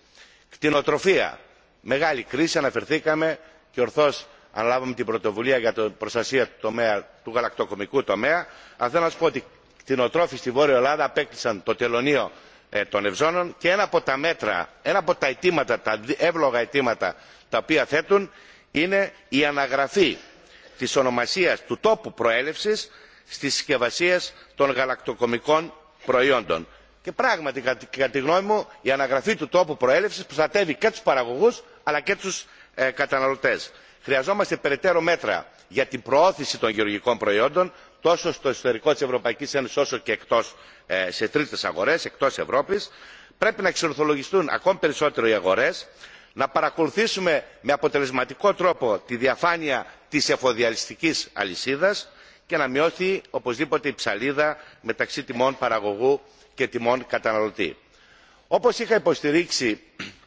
κτηνοτροφία μεγάλη κρίση αναφερθήκαμε και ορθώς αναλάβαμε την πρωτοβουλία για την προστασία του, του γαλακτοκομικού τομέα. αλλά θέλω να σου πω ότι κτηνοτρόφοι στη βόρεια ελλάδα απέκτησαν το τελωνείο ε, των ευζώνων και ένα από τα μέτρα ένα από τα αιτήματα τα εύλογα αιτήματα τα οποία θέτουν είναι η αναγραφή της ονομασίας του τόπου προέλευσης στις συσκευασίες των γαλακτοκομικών προϊόντων. Και πράγματι, κατά τη γνώμη μου, η αναγραφή του τόπου προέλευσης προστατεύει και τους παραγωγούς αλλά και τους ε, καταναλωτές. Χρειαζόμαστε περαιτέρω μέτρα για την προώθηση των γεωργικών προϊόντων τόσο στο εσωτερικό της Ευρωπαϊκής Ένωσης όσο και εκτός, ε, σε τρίτες αγορές, εκτός Ευρώπης. Πρέπει να εξορθολογιστούν ακόμη περισσότερο οι αγορές, να παρακολουθήσουμε με αποτελεσματικό τρόπο τη διαφάνεια της εφοδιαλιστικής αλυσίδας και να μειώθει οπωσδήποτε η ψαλίδα μεταξύ τιμών παραγωγού και τιμών καταναλωτή. Όπως είχα υποστηρίξει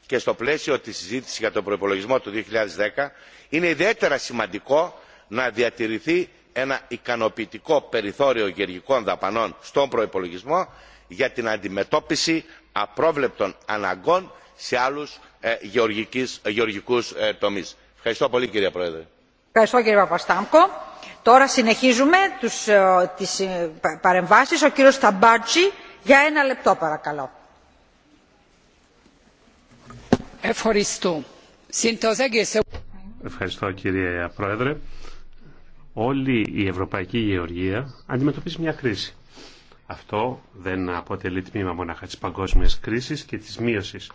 και στο πλαίσιο της συζήτησης για τον προϋπολογισμό του 2010, είναι ιδιαίτερα σημαντικό να διατηρηθεί ένα ικανοποιητικό περιθώριο γεωργικών δαπανών στον προϋπολογισμό για την αντιμετώπιση απρόβλεπτων αναγκών σε άλλους ε, γεωργικούς ε, τομείς. Ευχαριστώ πολύ κύριε Πρόεδρε.
Ευχαριστώ κύριε Παπαστάμκο. Τώρα συνεχίζουμε τους, ε, τις παρεμβάσεις. Ο κύριος Σταμπάτζη για ένα λεπτό παρακαλώ.
Ευχαριστώ.
Ευχαριστώ κύριε Πρόεδρε όλη η ευρωπαϊκή γεωργία αντιμετωπίζει μια κρίση. Αυτό δεν αποτελεί τμήμα μονάχα της παγκόσμιας κρίσης και της μείωσης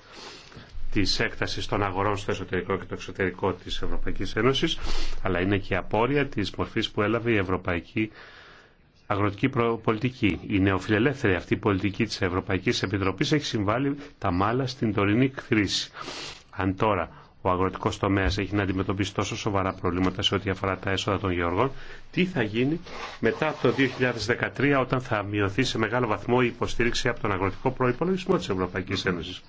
της έκτασης των αγορών στο εσωτερικό και το εξωτερικό της Ευρωπαϊκής Ένωσης, αλλά είναι και απόρρια της μορφής που έλαβε η Ευρωπαϊκή Αγροτική πολιτική. Η νεοφιλελεύθερη αυτή πολιτική της Ευρωπαϊκής Επιτροπής έχει συμβάλει τα μάλα στην τωρινή κρίση. Αν τώρα ο αγροτικό τομέα έχει να αντιμετωπίσει τόσο σοβαρά προβλήματα σε ό,τι αφορά τα έσοδα των γεωργών, τι θα γίνει μετά από το 2013 όταν θα μειωθεί σε μεγάλο βαθμό η υποστήριξη από τον αγροτικό προπολογισμό της Ευρωπαϊκής Ένωσης.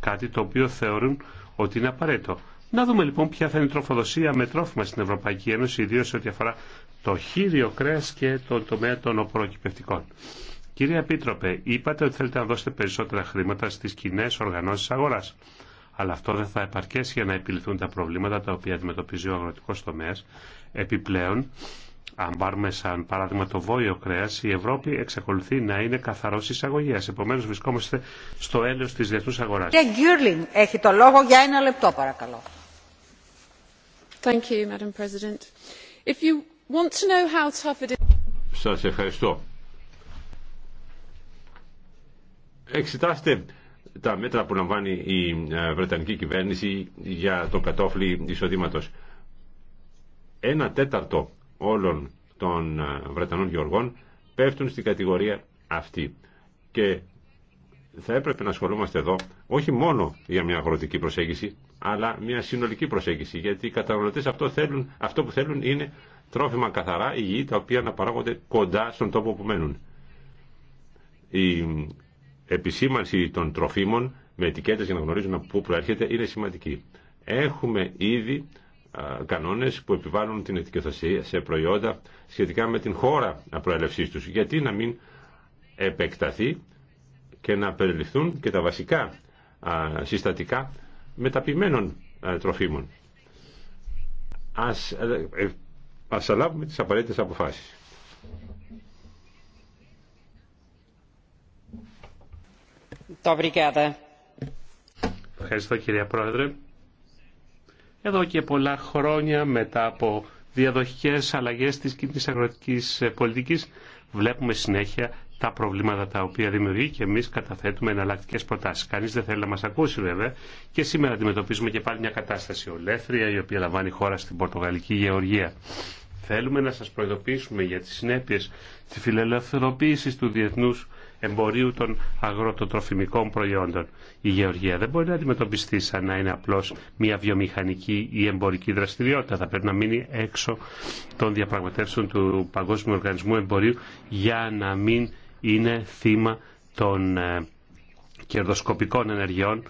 Κάτι το οποίο θεωρούν ότι είναι απαραίτητο. Να δούμε λοιπόν ποια θα είναι η τροφοδοσία με τρόφιμα στην Ευρωπαϊκή Ένωση, ιδίω σε ό,τι αφορά το χείριο κρέα και το τομέα των οπροκυπευτικών. Κύριε Επίτροπε, είπατε ότι θέλετε να δώσετε περισσότερα χρήματα στι κοινέ οργανώσει αγορά αλλά αυτό δεν θα επαρκέσει για να επιληθούν τα προβλήματα τα οποία αντιμετωπίζει ο αγροτικό τομέα. Επιπλέον, αν πάρουμε σαν παράδειγμα το βόλιο κρέα, η Ευρώπη εξακολουθεί να είναι καθαρό εισαγωγέα. Επομένω, βρισκόμαστε στο έλεος τη διεθνού αγορά. Και
έχει το λόγο για ένα λεπτό, παρακαλώ.
ευχαριστώ. Εξετάστε τα μέτρα που λαμβάνει η ε, Βρετανική κυβέρνηση για το κατόφλι εισοδήματος. Ένα τέταρτο όλων των ε, Βρετανών γεωργών πέφτουν στην κατηγορία αυτή. Και θα έπρεπε να ασχολούμαστε εδώ όχι μόνο για μια αγροτική προσέγγιση, αλλά μια συνολική προσέγγιση. Γιατί οι καταναλωτές αυτό, αυτό που θέλουν είναι τρόφιμα καθαρά, υγιή, τα οποία να παράγονται κοντά στον τόπο που μένουν. Η επισήμανση των τροφίμων με ετικέτες για να γνωρίζουν από πού προέρχεται είναι σημαντική. Έχουμε ήδη κανόνες που επιβάλλουν την ετικετοθεσία σε προϊόντα σχετικά με την χώρα προέλευσή τους. Γιατί να μην επεκταθεί και να περιληφθούν και τα βασικά συστατικά μεταπημένων τροφίμων. Ας, ε, ε, ας αλάβουμε τις απαραίτητες αποφάσεις. Ευχαριστώ κυρία
Πρόεδρε. Εδώ και πολλά χρόνια μετά από διαδοχικές αλλαγές της κοινή αγροτικής πολιτικής βλέπουμε συνέχεια τα προβλήματα τα οποία δημιουργεί και εμείς καταθέτουμε εναλλακτικές προτάσεις. Κανείς δεν θέλει να μας ακούσει βέβαια και σήμερα αντιμετωπίζουμε και πάλι μια κατάσταση ολέθρια η οποία λαμβάνει η χώρα στην Πορτογαλική Γεωργία. Θέλουμε να σας προειδοποιήσουμε για τις συνέπειες της φιλελευθερωποίησης του Διεθνού εμπορίου των αγροτοτροφημικών προϊόντων. Η γεωργία δεν μπορεί να αντιμετωπιστεί σαν να είναι απλώς μια βιομηχανική ή εμπορική δραστηριότητα. Θα πρέπει να μείνει έξω των διαπραγματεύσεων του Παγκόσμιου Οργανισμού Εμπορίου για να μην είναι θύμα των ε, κερδοσκοπικών ενεργειών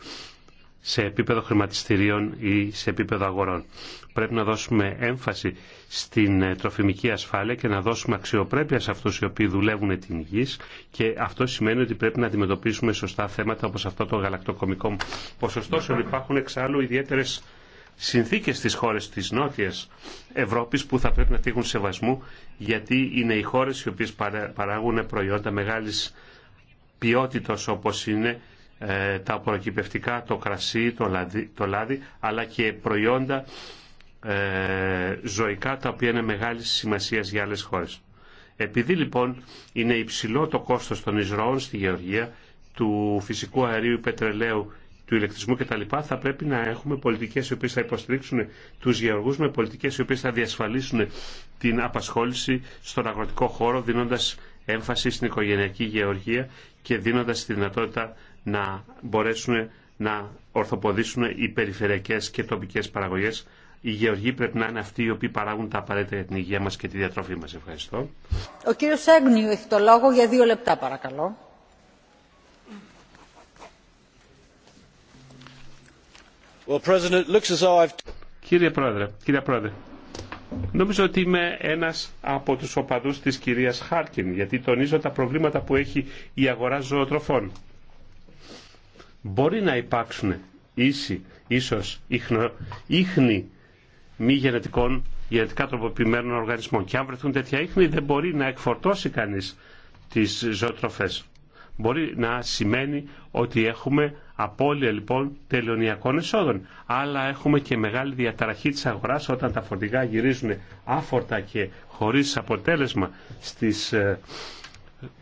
σε επίπεδο χρηματιστηρίων ή σε επίπεδο αγορών. Πρέπει να δώσουμε έμφαση στην ε, τροφιμική ασφάλεια και να δώσουμε αξιοπρέπεια σε αυτούς οι οποίοι δουλεύουν την υγιή και αυτό σημαίνει ότι πρέπει να αντιμετωπίσουμε σωστά θέματα όπως αυτό το γαλακτοκομικό ποσοστό. Υπάρχουν εξάλλου ιδιαίτερε συνθήκες στις χώρες της Νότιας Ευρώπης που θα πρέπει να τύχουν σεβασμού γιατί είναι οι χώρες οι οποίες παράγουν προϊόντα μεγάλης ποιότητας όπως είναι ε, τα προκυπευτικά το κρασί, το λάδι, αλλά και προϊόντα ε, ζωικά τα οποία είναι μεγάλη σημασία για άλλες χώρες. Επειδή λοιπόν είναι υψηλό το κόστος των εισρώων στη γεωργία, του φυσικού αερίου, πετρελαίου, του ηλεκτρισμού κτλ. θα πρέπει να έχουμε πολιτικές οι οποίες θα υποστηρίξουν τους γεωργούς με πολιτικές οι οποίες θα διασφαλίσουν την απασχόληση στον αγροτικό χώρο δίνοντας έμφαση στην οικογενειακή γεωργία και δίνοντας τη δυνατότητα να μπορέσουν να ορθοποδήσουν οι περιφερειακές και τοπικές παραγωγές. Οι γεωργοί πρέπει να είναι αυτοί οι οποίοι παράγουν τα απαραίτητα για την υγεία μας και τη διατροφή μας. Ευχαριστώ.
Ο κύριος Έγνιου έχει το λόγο για δύο λεπτά παρακαλώ.
Well, President, looks as I've... Κύριε Πρόεδρε, κύριε Πρόεδρε, Νομίζω ότι είμαι ένας από τους οπαδούς της κυρίας Χάρκιν, γιατί τονίζω τα προβλήματα που έχει η αγορά ζωοτροφών μπορεί να υπάρξουν ίση, ίσως ίχνο, ίχνη μη γενετικών γενετικά τροποποιημένων οργανισμών. Και αν βρεθούν τέτοια ίχνη δεν μπορεί να εκφορτώσει κανείς τις ζωοτροφές. Μπορεί να σημαίνει ότι έχουμε απώλεια λοιπόν τελωνιακών εσόδων. Αλλά έχουμε και μεγάλη διαταραχή της αγοράς όταν τα φορτηγά γυρίζουν άφορτα και χωρίς αποτέλεσμα στις ε,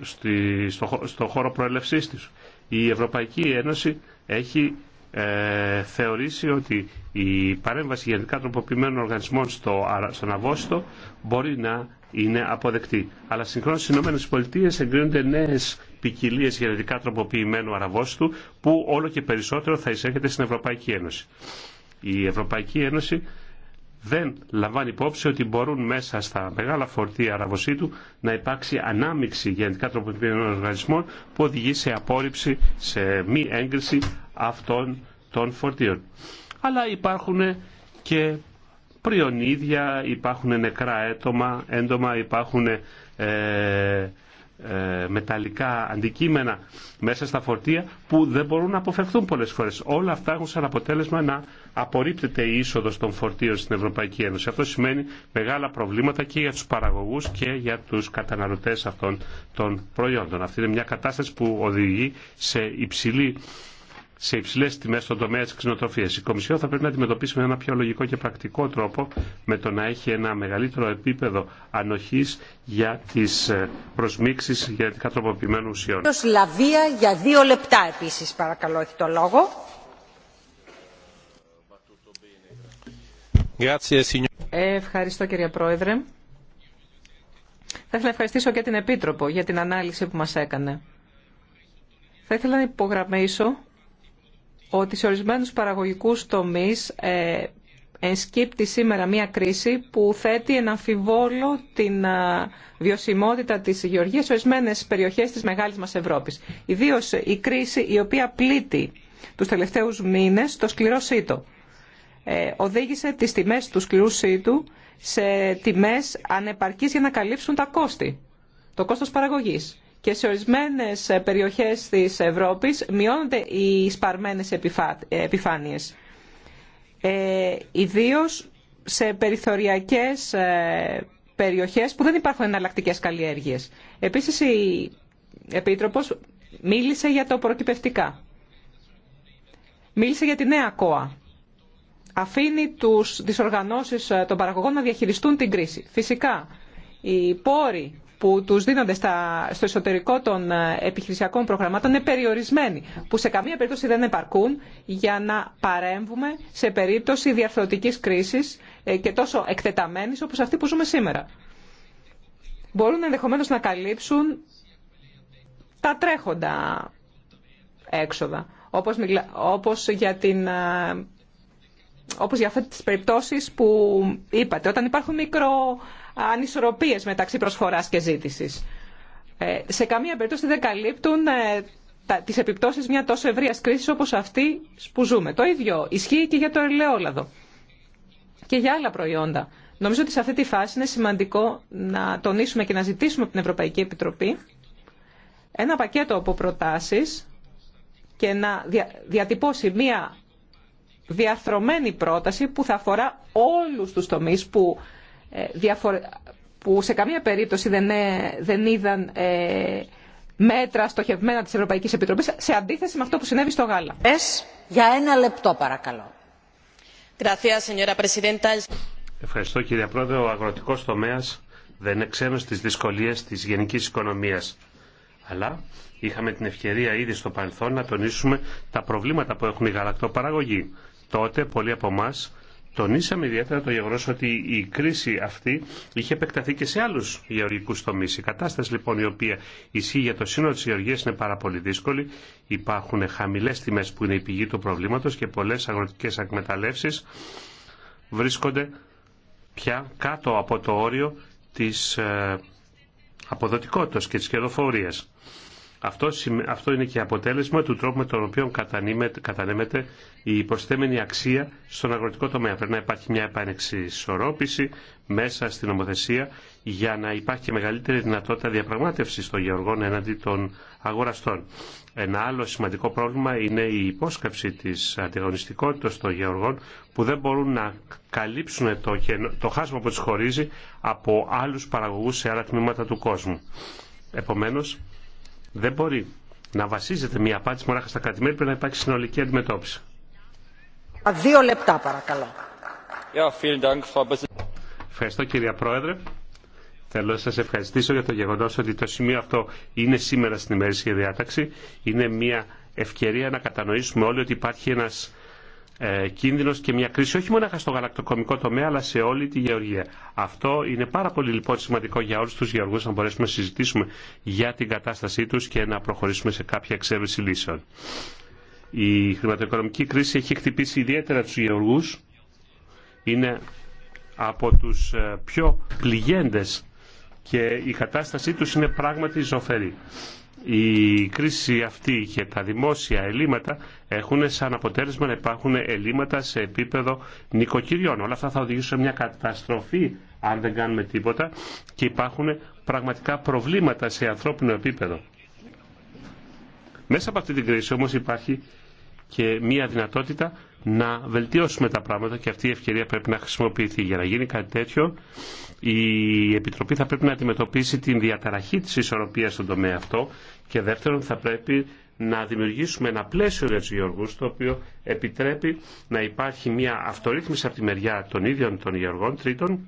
στη, στο, στο χώρο προέλευσής της. Η Ευρωπαϊκή Ένωση έχει ε, θεωρήσει ότι η παρέμβαση γενικά τροποποιημένων οργανισμών στο, στον Αβόστο μπορεί να είναι αποδεκτή. Αλλά συγχρόνως στις ΗΠΑ εγκρίνονται νέες ποικιλίε γενετικά τροποποιημένου αραβόστου που όλο και περισσότερο θα εισέρχεται στην Ευρωπαϊκή Ένωση. Η Ευρωπαϊκή Ένωση δεν λαμβάνει υπόψη ότι μπορούν μέσα στα μεγάλα φορτία αραβοσίτου να υπάρξει ανάμειξη γενικά τροποποιημένων οργανισμών που οδηγεί σε απόρριψη, σε μη έγκριση αυτών των φορτίων. Αλλά υπάρχουν και πριονίδια, υπάρχουν νεκρά έντομα, υπάρχουν ε, ε, μεταλλικά αντικείμενα μέσα στα φορτία που δεν μπορούν να αποφευχθούν πολλές φορές. Όλα αυτά έχουν σαν αποτέλεσμα να απορρίπτεται η είσοδο των φορτίων στην Ευρωπαϊκή Ένωση. Αυτό σημαίνει μεγάλα προβλήματα και για τους παραγωγούς και για τους καταναλωτές αυτών των προϊόντων. Αυτή είναι μια κατάσταση που οδηγεί σε υψηλή σε υψηλέ τιμέ στον τομέα τη ξενοτροφία. Η Κομισιόν θα πρέπει να αντιμετωπίσει με ένα πιο λογικό και πρακτικό τρόπο με το να έχει ένα μεγαλύτερο επίπεδο ανοχή για τι ε, προσμίξει γενετικά τροποποιημένων ουσιών.
Λαβία για δύο λεπτά επίση, παρακαλώ, έχει το λόγο.
Ευχαριστώ κύριε Πρόεδρε. Θα ήθελα να ευχαριστήσω και την Επίτροπο για την ανάλυση που μας έκανε. Θα ήθελα να υπογραμμίσω ότι σε ορισμένους παραγωγικούς τομείς ενσκύπτει σήμερα μια κρίση που θέτει ένα αμφιβόλο την ε, βιωσιμότητα της γεωργίας σε ορισμένες περιοχές της μεγάλης μας Ευρώπης. Ιδίως η κρίση η οποία πλήττει τους τελευταίους μήνες το σκληρό σύτο. Ε, οδήγησε τις τιμές του σκληρού σύτου σε τιμές ανεπαρκείς για να καλύψουν τα κόστη, το κόστος παραγωγής και σε ορισμένε ε, περιοχές της Ευρώπης μειώνονται οι σπαρμένες ε, επιφάνειες. Ε, ιδίως σε περιθωριακές ε, περιοχές που δεν υπάρχουν εναλλακτικέ καλλιέργειε. Επίσης η επίτροπο μίλησε για το προκυπευτικά. Μίλησε για τη νέα ΚΟΑ. Αφήνει τους, τις οργανώσεις των παραγωγών να διαχειριστούν την κρίση. Φυσικά, οι πόροι που τους δίνονται στα, στο εσωτερικό των ε, επιχειρησιακών προγραμμάτων είναι περιορισμένοι, που σε καμία περίπτωση δεν επαρκούν για να παρέμβουμε σε περίπτωση διαρθρωτικής κρίσης ε, και τόσο εκτεταμένης όπως αυτή που ζούμε σήμερα. Μπορούν ενδεχομένως να καλύψουν τα τρέχοντα έξοδα, όπως, όπως για την ε, όπως για αυτές τις περιπτώσεις που είπατε, όταν υπάρχουν μικρο ανισορροπίες μεταξύ προσφοράς και ζήτησης. Ε, σε καμία περίπτωση δεν καλύπτουν ε, τις επιπτώσεις μια τόσο ευρείας κρίση όπως αυτή που ζούμε. Το ίδιο ισχύει και για το ελαιόλαδο και για άλλα προϊόντα. Νομίζω ότι σε αυτή τη φάση είναι σημαντικό να τονίσουμε και να ζητήσουμε από την Ευρωπαϊκή Επιτροπή ένα πακέτο από προτάσεις και να διατυπώσει μία διαρθρωμένη πρόταση που θα αφορά όλους τους τομείς που ε, που σε καμία περίπτωση δεν, ε, δεν είδαν ε, μέτρα στοχευμένα της Ευρωπαϊκής Επιτροπής σε αντίθεση με αυτό που συνέβη στο Γάλα. Για ένα λεπτό παρακαλώ.
Ευχαριστώ κύριε Πρόεδρε. Ο αγροτικός τομέας δεν είναι στις δυσκολίες της γενικής οικονομίας. Αλλά είχαμε την ευκαιρία ήδη στο παρελθόν να τονίσουμε τα προβλήματα που έχουν οι γαλακτοπαραγωγοί. Τότε πολλοί από εμά Τονίσαμε ιδιαίτερα το γεγονό ότι η κρίση αυτή είχε επεκταθεί και σε άλλου γεωργικού τομεί. Η κατάσταση λοιπόν η οποία ισχύει για το σύνολο τη γεωργία είναι πάρα πολύ δύσκολη. Υπάρχουν χαμηλέ τιμέ που είναι η πηγή του προβλήματο και πολλέ αγροτικέ εκμεταλλεύσει βρίσκονται πια κάτω από το όριο της ε, αποδοτικότητας και της κερδοφορίας. Αυτό, αυτό είναι και αποτέλεσμα του τρόπου με τον οποίο κατανέμεται η προσθέμενη αξία στον αγροτικό τομέα. Πρέπει να υπάρχει μια επανεξισορρόπηση μέσα στην νομοθεσία για να υπάρχει και μεγαλύτερη δυνατότητα διαπραγμάτευση των γεωργών έναντι των αγοραστών. Ένα άλλο σημαντικό πρόβλημα είναι η υπόσκαψη τη αντιγωνιστικότητα των γεωργών που δεν μπορούν να καλύψουν το, το χάσμα που του χωρίζει από άλλου παραγωγού σε άλλα τμήματα του κόσμου. Επομένως, δεν μπορεί να βασίζεται μια απάντηση μονάχα στα κρατημέρια, πρέπει να υπάρχει συνολική αντιμετώπιση.
Δύο λεπτά παρακαλώ.
Ευχαριστώ κυρία Πρόεδρε. Θέλω να σας ευχαριστήσω για το γεγονός ότι το σημείο αυτό είναι σήμερα στην ημερήσια διάταξη. Είναι μια ευκαιρία να κατανοήσουμε όλοι ότι υπάρχει ένας ε, κίνδυνος και μια κρίση όχι μόνο στο γαλακτοκομικό τομέα αλλά σε όλη τη γεωργία. Αυτό είναι πάρα πολύ λοιπόν σημαντικό για όλους τους γεωργού να μπορέσουμε να συζητήσουμε για την κατάστασή τους και να προχωρήσουμε σε κάποια εξέβριση λύσεων. Η χρηματοοικονομική κρίση έχει χτυπήσει ιδιαίτερα του γεωργού, Είναι από τους ε, πιο πληγέντε και η κατάστασή του είναι πράγματι ζωφερή η κρίση αυτή και τα δημόσια ελλείμματα έχουν σαν αποτέλεσμα να υπάρχουν ελλείμματα σε επίπεδο νοικοκυριών. Όλα αυτά θα οδηγήσουν σε μια καταστροφή αν δεν κάνουμε τίποτα και υπάρχουν πραγματικά προβλήματα σε ανθρώπινο επίπεδο. Μέσα από αυτή την κρίση όμως υπάρχει και μια δυνατότητα να βελτιώσουμε τα πράγματα και αυτή η ευκαιρία πρέπει να χρησιμοποιηθεί. Για να γίνει κάτι τέτοιο η Επιτροπή θα πρέπει να αντιμετωπίσει την διαταραχή της ισορροπίας στον τομέα αυτό και δεύτερον θα πρέπει να δημιουργήσουμε ένα πλαίσιο για τους γεωργούς το οποίο επιτρέπει να υπάρχει μια αυτορύθμιση από τη μεριά των ίδιων των γεωργών τρίτον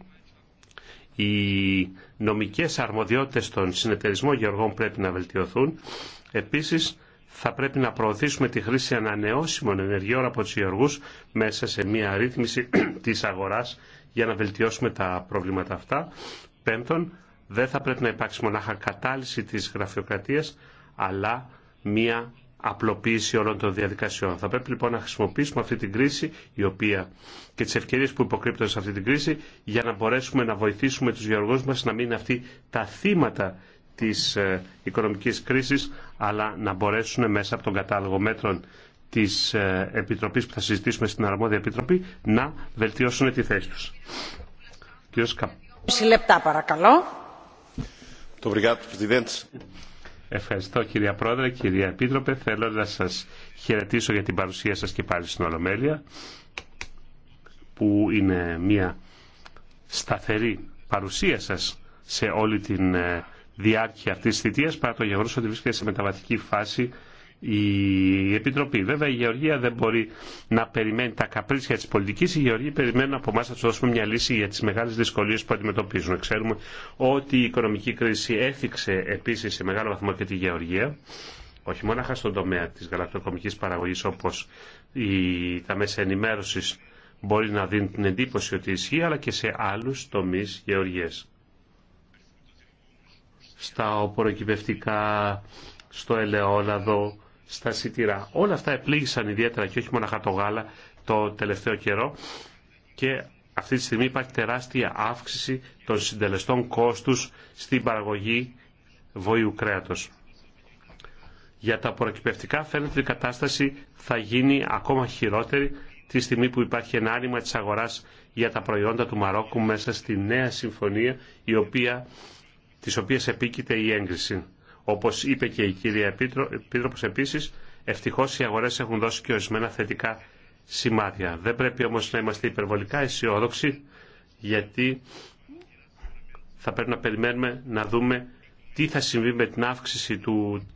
οι νομικές αρμοδιότητες των συνεταιρισμών γεωργών πρέπει να βελτιωθούν επίσης θα πρέπει να προωθήσουμε τη χρήση ανανεώσιμων ενεργειών από τους γεωργούς μέσα σε μια ρύθμιση της αγοράς για να βελτιώσουμε τα προβλήματα αυτά. Πέμπτον, δεν θα πρέπει να υπάρξει μονάχα κατάλυση της γραφειοκρατίας, αλλά μία απλοποίηση όλων των διαδικασιών. Θα πρέπει λοιπόν να χρησιμοποιήσουμε αυτή την κρίση η οποία, και τις ευκαιρίες που υποκρύπτονται σε αυτή την κρίση για να μπορέσουμε να βοηθήσουμε τους γεωργούς μας να μην είναι αυτοί τα θύματα της ε, οικονομικής κρίσης αλλά να μπορέσουν μέσα από τον κατάλογο μέτρων της ε, Επιτροπής που θα συζητήσουμε στην Αρμόδια Επιτροπή να βελτιώσουν τη θέση τους.
λεπτά παρακαλώ.
Ευχαριστώ κυρία Πρόεδρε, κυρία Επίτροπε. Θέλω να σας χαιρετήσω για την παρουσία σας και πάλι στην Ολομέλεια που είναι μια σταθερή παρουσία σας σε όλη την ε, διάρκεια αυτής της θητείας παρά το γεγονός ότι βρίσκεται σε μεταβατική φάση η Επιτροπή. Βέβαια η Γεωργία δεν μπορεί να περιμένει τα καπρίσια της πολιτικής. Οι Γεωργοί περιμένουν από εμάς να τους δώσουμε μια λύση για τις μεγάλες δυσκολίες που αντιμετωπίζουν. Ξέρουμε ότι η οικονομική κρίση έφυξε επίσης σε μεγάλο βαθμό και τη Γεωργία. Όχι μόνο στον τομέα της γαλακτοκομικής παραγωγής όπως τα μέσα ενημέρωση μπορεί να δίνει την εντύπωση ότι ισχύει, αλλά και σε άλλους τομείς γεωργίες. Στα οποροκυπευτικά, στο ελαιόλαδο, στα σιτηρά. Όλα αυτά επλήγησαν ιδιαίτερα και όχι μόνο το γάλα το τελευταίο καιρό και αυτή τη στιγμή υπάρχει τεράστια αύξηση των συντελεστών κόστους στην παραγωγή βοήου κρέατος. Για τα προκυπευτικά φαίνεται ότι η κατάσταση θα γίνει ακόμα χειρότερη τη στιγμή που υπάρχει ένα άνοιγμα της αγοράς για τα προϊόντα του Μαρόκου μέσα στη νέα συμφωνία η οποία, της οποίας επίκειται η έγκριση. Όπω είπε και η κυρία Επίτροπο επίσης, ευτυχώ οι αγορές έχουν δώσει και ορισμένα θετικά σημάδια. Δεν πρέπει όμως να είμαστε υπερβολικά αισιόδοξοι, γιατί θα πρέπει να περιμένουμε να δούμε τι θα συμβεί με την αύξηση του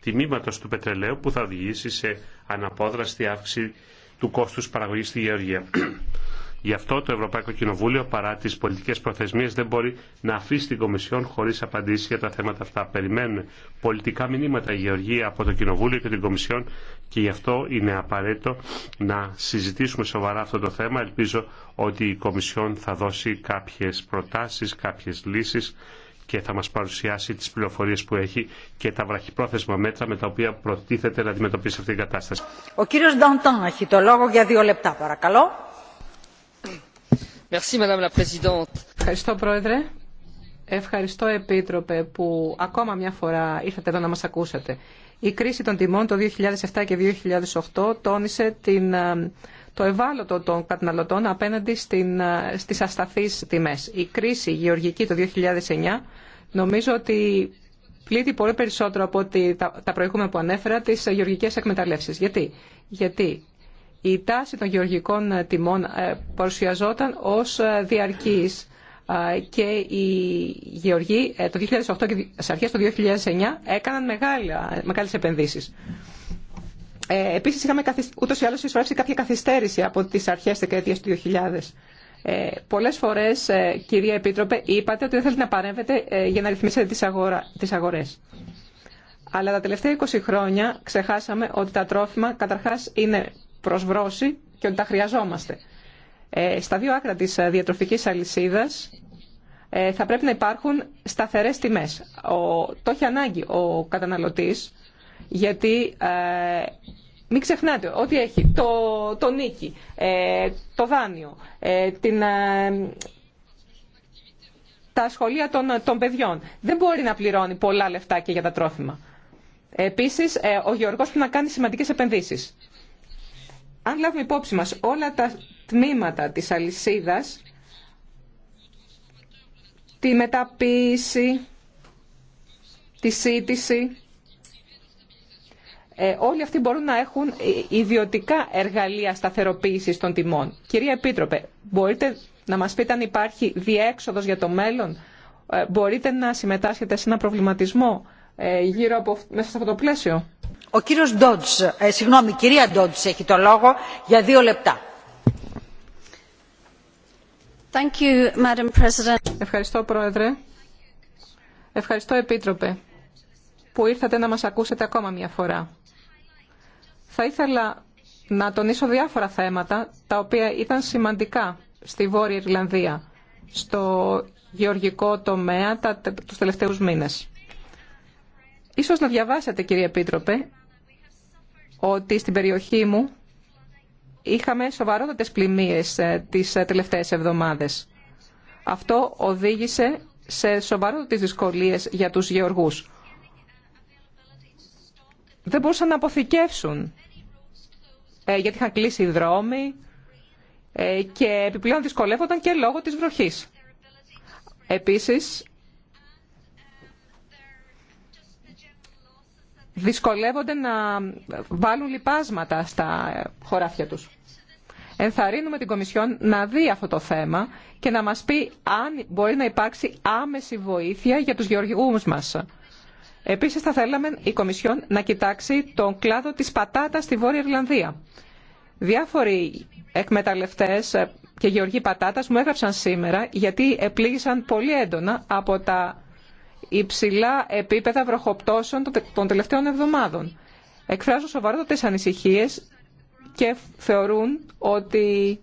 τιμήματος του πετρελαίου που θα οδηγήσει σε αναπόδραστη αύξηση του κόστους παραγωγή στη Γεωργία. Γι' αυτό το Ευρωπαϊκό Κοινοβούλιο, παρά τι πολιτικέ προθεσμίε, δεν μπορεί να αφήσει την Κομισιόν χωρί απαντήσει για τα θέματα αυτά. Περιμένουν πολιτικά μηνύματα η Γεωργία από το Κοινοβούλιο και την Κομισιόν και γι' αυτό είναι απαραίτητο να συζητήσουμε σοβαρά αυτό το θέμα. Ελπίζω ότι η Κομισιόν θα δώσει κάποιε προτάσει, κάποιε λύσει και θα μας παρουσιάσει τις πληροφορίες που έχει και τα βραχυπρόθεσμα μέτρα με τα οποία προτίθεται να αντιμετωπίσει αυτή την κατάσταση.
Ο κύριος Νταντάν έχει το λόγο για δύο λεπτά παρακαλώ.
Ευχαριστώ, Πρόεδρε. Ευχαριστώ, Επίτροπε, που ακόμα μια φορά ήρθατε εδώ να μας ακούσατε. Η κρίση των τιμών το 2007 και 2008 τόνισε ε, το ευάλωτο των καταναλωτών απέναντι στην, ε, στις ασταθείς τιμές. Η κρίση γεωργική το 2009 νομίζω ότι πλήττει πολύ περισσότερο από ότι τα, προηγούμενα που ανέφερα τις γεωργικές εκμεταλλεύσεις. Γιατί, Γιατί η τάση των γεωργικών τιμών ε, παρουσιαζόταν ως ε, διαρκής ε, και οι γεωργοί το 2008 και σε αρχές το 2009 έκαναν μεγάλα, μεγάλες επενδύσεις. Ε, επίσης είχαμε ούτως ή άλλως εισφορεύσει κάποια καθυστέρηση από τις αρχές δεκαετίας του 2000. Ε, πολλές φορές, κυρία Επίτροπε, είπατε ότι δεν θέλετε να παρέμβετε για να ρυθμίσετε τις, αγορά, τις αγορές. Αλλά τα τελευταία 20 χρόνια ξεχάσαμε ότι τα τρόφιμα καταρχάς είναι προσβρώσει και ότι τα χρειαζόμαστε. Ε, στα δύο άκρα της ε, διατροφικής αλυσίδας ε, θα πρέπει να υπάρχουν σταθερές τιμές. Το έχει ανάγκη ο καταναλωτής γιατί μην ξεχνάτε ότι έχει το, το νίκη, το δάνειο, την, τα σχολεία των, των παιδιών. Δεν μπορεί να πληρώνει πολλά λεφτά και για τα τρόφιμα. Επίσης, ο Γεωργός πρέπει να κάνει σημαντικές επενδύσεις αν λάβουμε υπόψη μας όλα τα τμήματα της αλυσίδας, τη μεταποίηση, τη σύντηση, ε, όλοι αυτοί μπορούν να έχουν ιδιωτικά εργαλεία σταθεροποίησης των τιμών. Κυρία Επίτροπε, μπορείτε να μας πείτε αν υπάρχει διέξοδος για το μέλλον, ε, μπορείτε να συμμετάσχετε σε ένα προβληματισμό ε, γύρω από, μέσα σε αυτό το πλαίσιο. Ο κύριος ε, κυρία έχει το λόγο για δύο λεπτά. Ευχαριστώ, Πρόεδρε. Ευχαριστώ, Επίτροπε, που ήρθατε να μας ακούσετε ακόμα μια φορά. Θα ήθελα να τονίσω διάφορα θέματα, τα οποία ήταν σημαντικά στη Βόρεια Ιρλανδία, στο γεωργικό τομέα τα, τους τελευταίους μήνες. Ίσως να διαβάσετε, κύριε Επίτροπε, ότι στην περιοχή μου είχαμε σοβαρότατες πλημμύρες ε, τις ε, τελευταίες εβδομάδες. Αυτό οδήγησε σε σοβαρότατες δυσκολίες για τους γεωργούς. Δεν μπορούσαν να αποθηκεύσουν ε, γιατί είχαν κλείσει οι δρόμοι και επιπλέον δυσκολεύονταν και λόγω της βροχής. Επίσης, δυσκολεύονται να βάλουν λιπάσματα στα χωράφια τους. Ενθαρρύνουμε την Κομισιόν να δει αυτό το θέμα και να μας πει αν μπορεί να υπάρξει άμεση βοήθεια για τους γεωργικούς μας. Επίσης θα θέλαμε η Κομισιόν να κοιτάξει τον κλάδο της πατάτας στη Βόρεια Ιρλανδία. Διάφοροι εκμεταλλευτές και γεωργοί πατάτας μου έγραψαν σήμερα γιατί επλήγησαν πολύ έντονα από τα υψηλά επίπεδα βροχοπτώσεων των τελευταίων εβδομάδων. Εκφράζουν σοβαρότατες ανησυχίες και θεωρούν ότι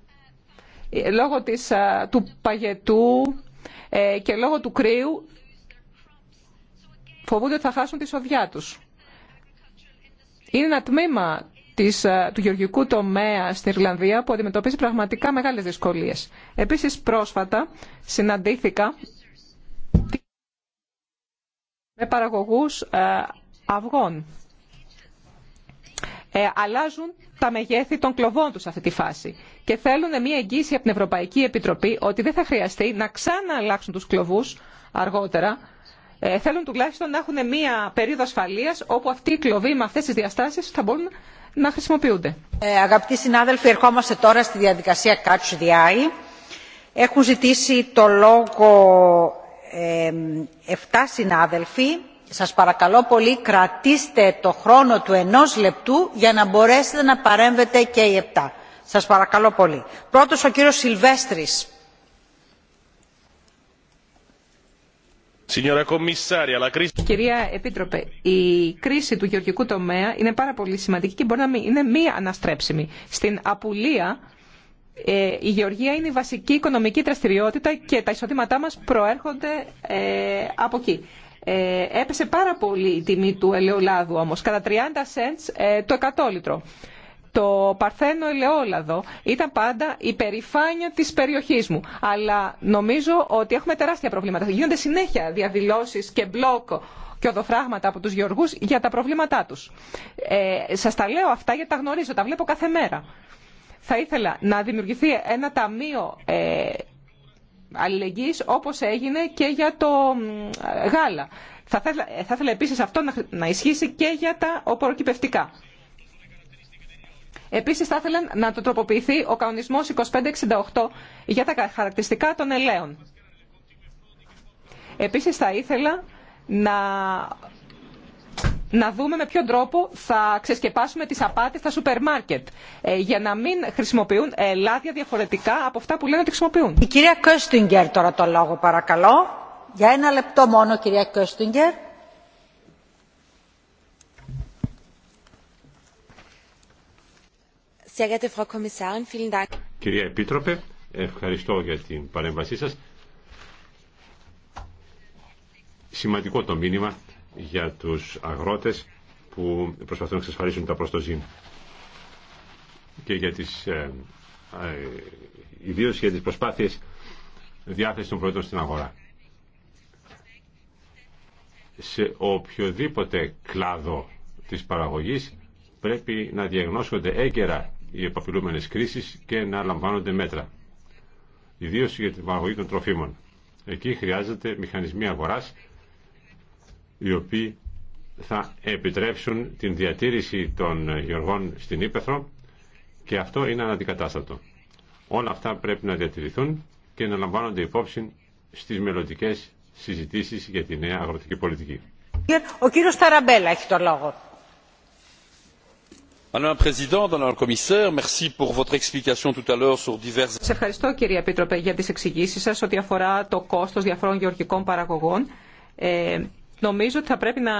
ε, λόγω της, του παγετού ε, και λόγω του κρύου φοβούνται ότι θα χάσουν τη σοδιά τους. Είναι ένα τμήμα της, του γεωργικού τομέα στην Ιρλανδία που αντιμετωπίζει πραγματικά μεγάλες δυσκολίες. Επίσης πρόσφατα συναντήθηκα με παραγωγούς ε, αυγών. Ε, αλλάζουν τα μεγέθη των κλοβών τους σε αυτή τη φάση και θέλουν μια εγγύηση από την Ευρωπαϊκή Επιτροπή ότι δεν θα χρειαστεί να ξανααλλάξουν τους κλοβούς αργότερα. Ε, θέλουν τουλάχιστον να έχουν μια περίοδο ασφαλείας όπου αυτοί οι κλοβοί με αυτές τις διαστάσεις θα μπορούν να χρησιμοποιούνται. αγαπητοί συνάδελφοι, ερχόμαστε τώρα στη διαδικασία
Catch the Eye. Έχουν ζητήσει το λόγο 7 συνάδελφοι. Σας παρακαλώ πολύ κρατήστε το χρόνο του ενός λεπτού για να μπορέσετε να παρέμβετε και οι 7. Σας παρακαλώ πολύ.
Πρώτος ο κύριος Σιλβέστρης. Κυρία Επίτροπε, η κρίση του γεωργικού τομέα είναι πάρα πολύ σημαντική και μπορεί να είναι μία αναστρέψιμη. Στην απουλία ε, η γεωργία είναι η βασική οικονομική δραστηριότητα και τα εισοδήματά μας προέρχονται ε, από εκεί. Ε, έπεσε πάρα πολύ η τιμή του ελαιολάδου όμως, κατά 30 cents το εκατόλιτρο. Το παρθένο ελαιόλαδο ήταν πάντα η περηφάνεια της περιοχής μου. Αλλά νομίζω ότι έχουμε τεράστια προβλήματα. Γίνονται συνέχεια διαδηλώσεις και μπλοκ και οδοφράγματα από τους γεωργούς για τα προβλήματά τους. Ε, σας τα λέω αυτά γιατί τα γνωρίζω, τα βλέπω κάθε μέρα. Θα ήθελα να δημιουργηθεί ένα ταμείο ε, αλληλεγγύης όπως έγινε και για το γάλα. Θα ήθελα, ε, θα ήθελα επίσης αυτό να, να ισχύσει και για τα οποροκυπευτικά. Επίσης θα ήθελα να το τροποποιηθεί ο κανονισμός 2568 για τα χαρακτηριστικά των ελαίων. Επίσης θα ήθελα να να δούμε με ποιον τρόπο θα ξεσκεπάσουμε τις απάτες στα σούπερ μάρκετ ε, για να μην χρησιμοποιούν ε, λάδια διαφορετικά από αυτά που λένε ότι χρησιμοποιούν. Η κυρία Κόστιγκερ τώρα το λόγο παρακαλώ. Για
ένα λεπτό μόνο κυρία Κόστιγκερ.
Κυρία Επίτροπε, ευχαριστώ για την παρέμβασή σας. Σημαντικό το μήνυμα για τους αγρότες που προσπαθούν να εξασφαλίσουν τα προστοζήν και για τις, ε, ε, ιδίως για τις προσπάθειες διάθεση των προϊόντων στην αγορά. Σε οποιοδήποτε κλάδο της παραγωγής πρέπει να διαγνώσονται έγκαιρα οι επαπειλούμενες κρίσεις και να λαμβάνονται μέτρα, ιδίως για την παραγωγή των τροφίμων. Εκεί χρειάζεται μηχανισμοί αγοράς οι οποίοι θα επιτρέψουν την διατήρηση των γεωργών στην Ήπεθρο και αυτό είναι αντικατάστατο. Όλα αυτά πρέπει να διατηρηθούν και να λαμβάνονται υπόψη στις μελλοντικέ συζητήσεις για τη νέα αγροτική πολιτική.
Ο κύριος Ταραμπέλα έχει το λόγο.
Σε ευχαριστώ κύριε Επίτροπε για τις εξηγήσεις σας ότι αφορά το κόστος διαφορών γεωργικών παραγωγών. Ε, νομίζω ότι θα πρέπει να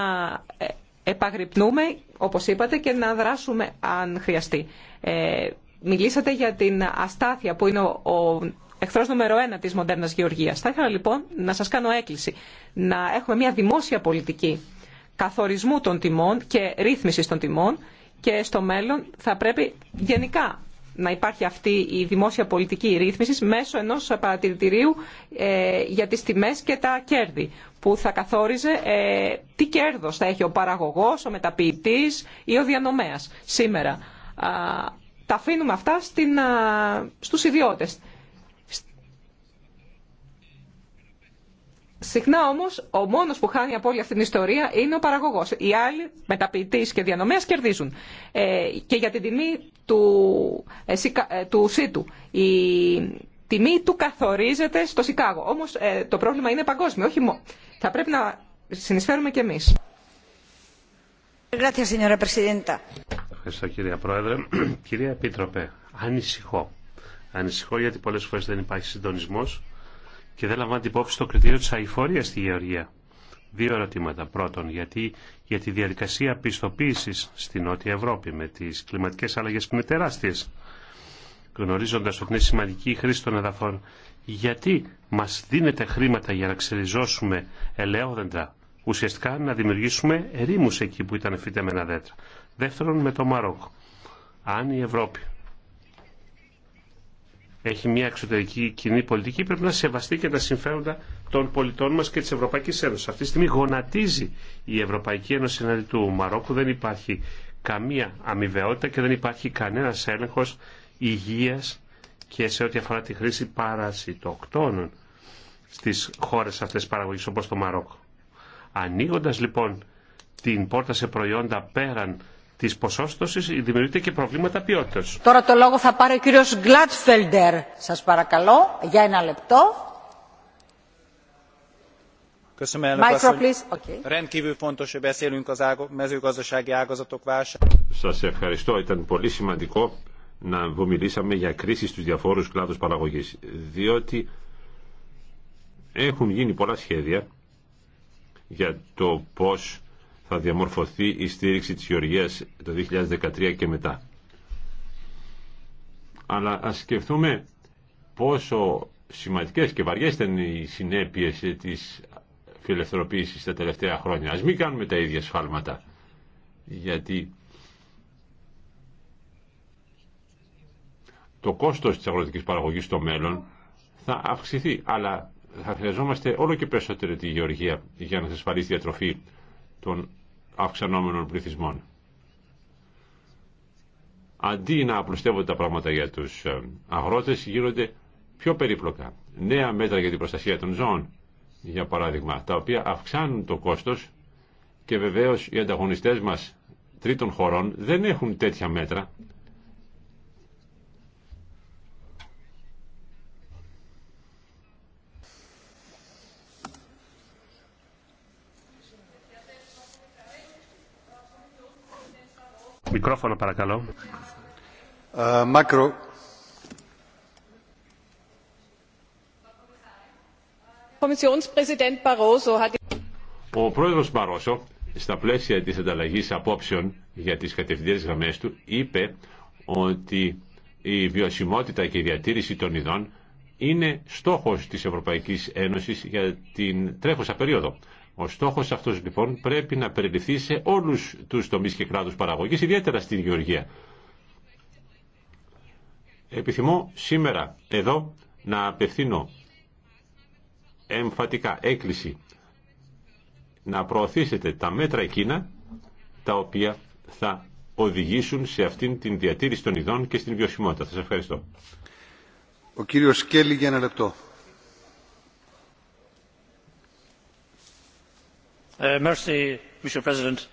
ε, επαγρυπνούμε, όπως είπατε, και να δράσουμε αν χρειαστεί. Ε, μιλήσατε για την αστάθεια που είναι ο, ο εχθρός νούμερο ένα της μοντέρνας γεωργίας. Θα ήθελα λοιπόν να σας κάνω έκκληση να έχουμε μια δημόσια πολιτική καθορισμού των τιμών και ρύθμισης των τιμών και στο μέλλον θα πρέπει γενικά να υπάρχει αυτή η δημόσια πολιτική ρύθμιση μέσω ενό παρατηρητηρίου ε, για τι τιμέ και τα κέρδη που θα καθόριζε ε, τι κέρδος θα έχει ο παραγωγός, ο μεταποιητής ή ο διανομέας σήμερα. Τα αφήνουμε αυτά στην, στους ιδιώτες. Συχνά όμω, ο μόνο που χάνει από όλη αυτή την ιστορία είναι ο παραγωγό. Οι άλλοι, μεταποιητή και διανομέα, κερδίζουν. Ε, και για την τιμή του, ε, ε του Η τιμή του καθορίζεται στο Σικάγο. Όμω ε, το πρόβλημα είναι παγκόσμιο. Όχι μόνο. Θα πρέπει να συνεισφέρουμε κι εμεί. Ευχαριστώ
κυρία Πρόεδρε. κυρία Επίτροπε, ανησυχώ. Ανησυχώ γιατί πολλέ φορέ δεν υπάρχει συντονισμό και δεν λαμβάνει την υπόψη το κριτήριο τη αηφορίας στη Γεωργία. Δύο ερωτήματα. Πρώτον, γιατί για τη διαδικασία πιστοποίησης στη Νότια Ευρώπη με τις κλιματικές αλλαγές που είναι τεράστιες, γνωρίζοντα ότι είναι σημαντική η χρήση των εδαφών, γιατί μας δίνεται χρήματα για να ξεριζώσουμε ελαιόδεντρα, ουσιαστικά να δημιουργήσουμε ερήμους εκεί που ήταν φυτεμένα δέντρα. Δεύτερον, με το Μαρόκο. Αν η Ευρώπη έχει μια εξωτερική κοινή πολιτική, πρέπει να σεβαστεί και τα συμφέροντα των πολιτών μας και της Ευρωπαϊκής Ένωσης. Αυτή τη στιγμή γονατίζει η Ευρωπαϊκή Ένωση εναντί του Μαρόκου, δεν υπάρχει καμία αμοιβαιότητα και δεν υπάρχει κανένα έλεγχο υγεία και σε ό,τι αφορά τη χρήση παρασυτοκτώνων στις χώρες αυτές παραγωγή όπω το Μαρόκο. Ανοίγοντα λοιπόν την πόρτα σε προϊόντα πέραν Τη ποσόστοση δημιουργείται και προβλήματα ποιότητα.
Τώρα το λόγο θα πάρει ο κύριο Γκλάτφελντερ. Σας παρακαλώ για ένα λεπτό.
Σα
ευχαριστώ. Ήταν πολύ σημαντικό να μιλήσαμε για κρίση στους διαφόρους κλάδους παραγωγής. Διότι έχουν γίνει πολλά σχέδια για το πώς θα διαμορφωθεί η στήριξη της Γεωργίας το 2013 και μετά. Αλλά ας σκεφτούμε πόσο σημαντικές και βαριές ήταν οι συνέπειες της φιλελευθερωποίησης τα τελευταία χρόνια. Ας μην κάνουμε τα ίδια σφάλματα, γιατί το κόστος της αγροτικής παραγωγής στο μέλλον θα αυξηθεί, αλλά θα χρειαζόμαστε όλο και περισσότερο τη γεωργία για να σας διατροφή των αυξανόμενων πληθυσμών. Αντί να απλουστεύονται τα πράγματα για τους ε, αγρότες, γίνονται πιο περίπλοκα. Νέα μέτρα για την προστασία των ζώων, για παράδειγμα, τα οποία αυξάνουν το κόστος και βεβαίως οι ανταγωνιστές μας τρίτων χωρών δεν έχουν τέτοια μέτρα Ε, Ο πρόεδρος Μπαρόσο στα πλαίσια της ανταλλαγής απόψεων για τις κατευθυντήρες γραμμές του είπε ότι η βιωσιμότητα και η διατήρηση των ειδών είναι στόχος της Ευρωπαϊκής Ένωσης για την τρέχουσα περίοδο. Ο στόχος αυτός λοιπόν πρέπει να περιληφθεί σε όλους τους τομείς και κράτους παραγωγής, ιδιαίτερα στην γεωργία. Επιθυμώ σήμερα εδώ να απευθύνω εμφατικά έκκληση να προωθήσετε τα μέτρα εκείνα τα οποία θα οδηγήσουν σε αυτήν την διατήρηση των ειδών και στην βιωσιμότητα. Σας ευχαριστώ. Ο
κύριος Σκέλη για ένα λεπτό.
Uh, Mr. President.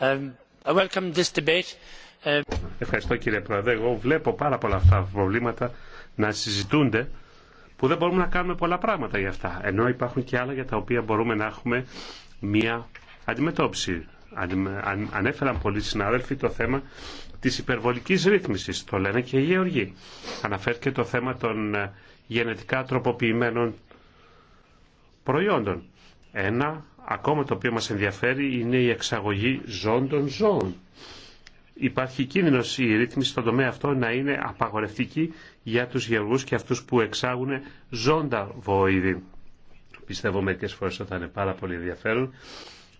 Um, I welcome this debate. Uh, Ευχαριστώ κύριε Πρόεδρε. Εγώ βλέπω πάρα πολλά αυτά τα προβλήματα να συζητούνται που δεν μπορούμε να κάνουμε πολλά πράγματα για αυτά. Ενώ υπάρχουν και άλλα για τα οποία μπορούμε να έχουμε μία αντιμετώπιση. Ανέφεραν πολλοί συνάδελφοι το θέμα της υπερβολικής ρύθμισης. Το λένε και οι γεωργοί. Αναφέρθηκε το θέμα των ε, γενετικά τροποποιημένων προϊόντων. Ένα ακόμα το οποίο μας ενδιαφέρει είναι η εξαγωγή ζών των ζώων. Υπάρχει κίνδυνος η ρύθμιση στον τομέα αυτό να είναι απαγορευτική για τους γεωργούς και αυτούς που εξάγουν ζώντα βοήδη. Πιστεύω μερικές φορές ότι θα είναι πάρα πολύ ενδιαφέρον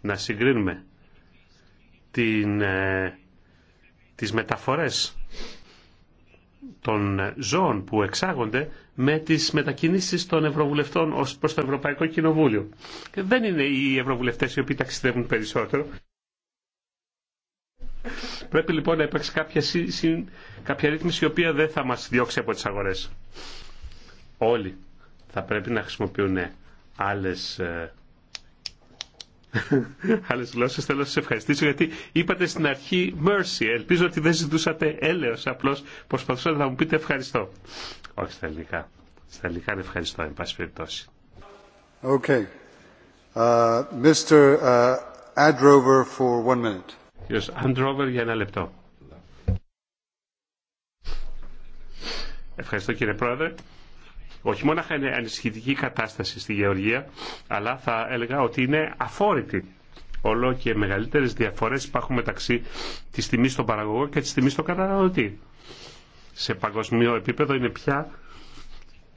να συγκρίνουμε την, ε, τις μεταφορές των ζώων που εξάγονται με τις μετακινήσεις των Ευρωβουλευτών ως προς το Ευρωπαϊκό Κοινοβούλιο. Δεν είναι οι Ευρωβουλευτές οι οποίοι ταξιδεύουν περισσότερο. Πρέπει λοιπόν να υπάρξει κάποια, κάποια ρύθμιση η οποία δεν θα μας διώξει από τις αγορές. Όλοι θα πρέπει να χρησιμοποιούν άλλες ε, άλλε γλώσσε. Θέλω να σα ευχαριστήσω γιατί είπατε στην αρχή mercy. Ελπίζω ότι δεν ζητούσατε έλεο. Απλώ προσπαθούσατε να μου πείτε ευχαριστώ. Όχι στα ελληνικά. Στα ελληνικά είναι ευχαριστώ, εν πάση περιπτώσει. Okay. Uh, Mr. Uh, Adrover for one minute. για ένα λεπτό. Ευχαριστώ κύριε Πρόεδρε όχι μόνο είναι ανησυχητική κατάσταση στη Γεωργία, αλλά θα έλεγα ότι είναι αφόρητη. Όλο και μεγαλύτερες διαφορές υπάρχουν μεταξύ της τιμής στον παραγωγό και της τιμής στον καταναλωτή. Σε παγκοσμίο επίπεδο είναι πια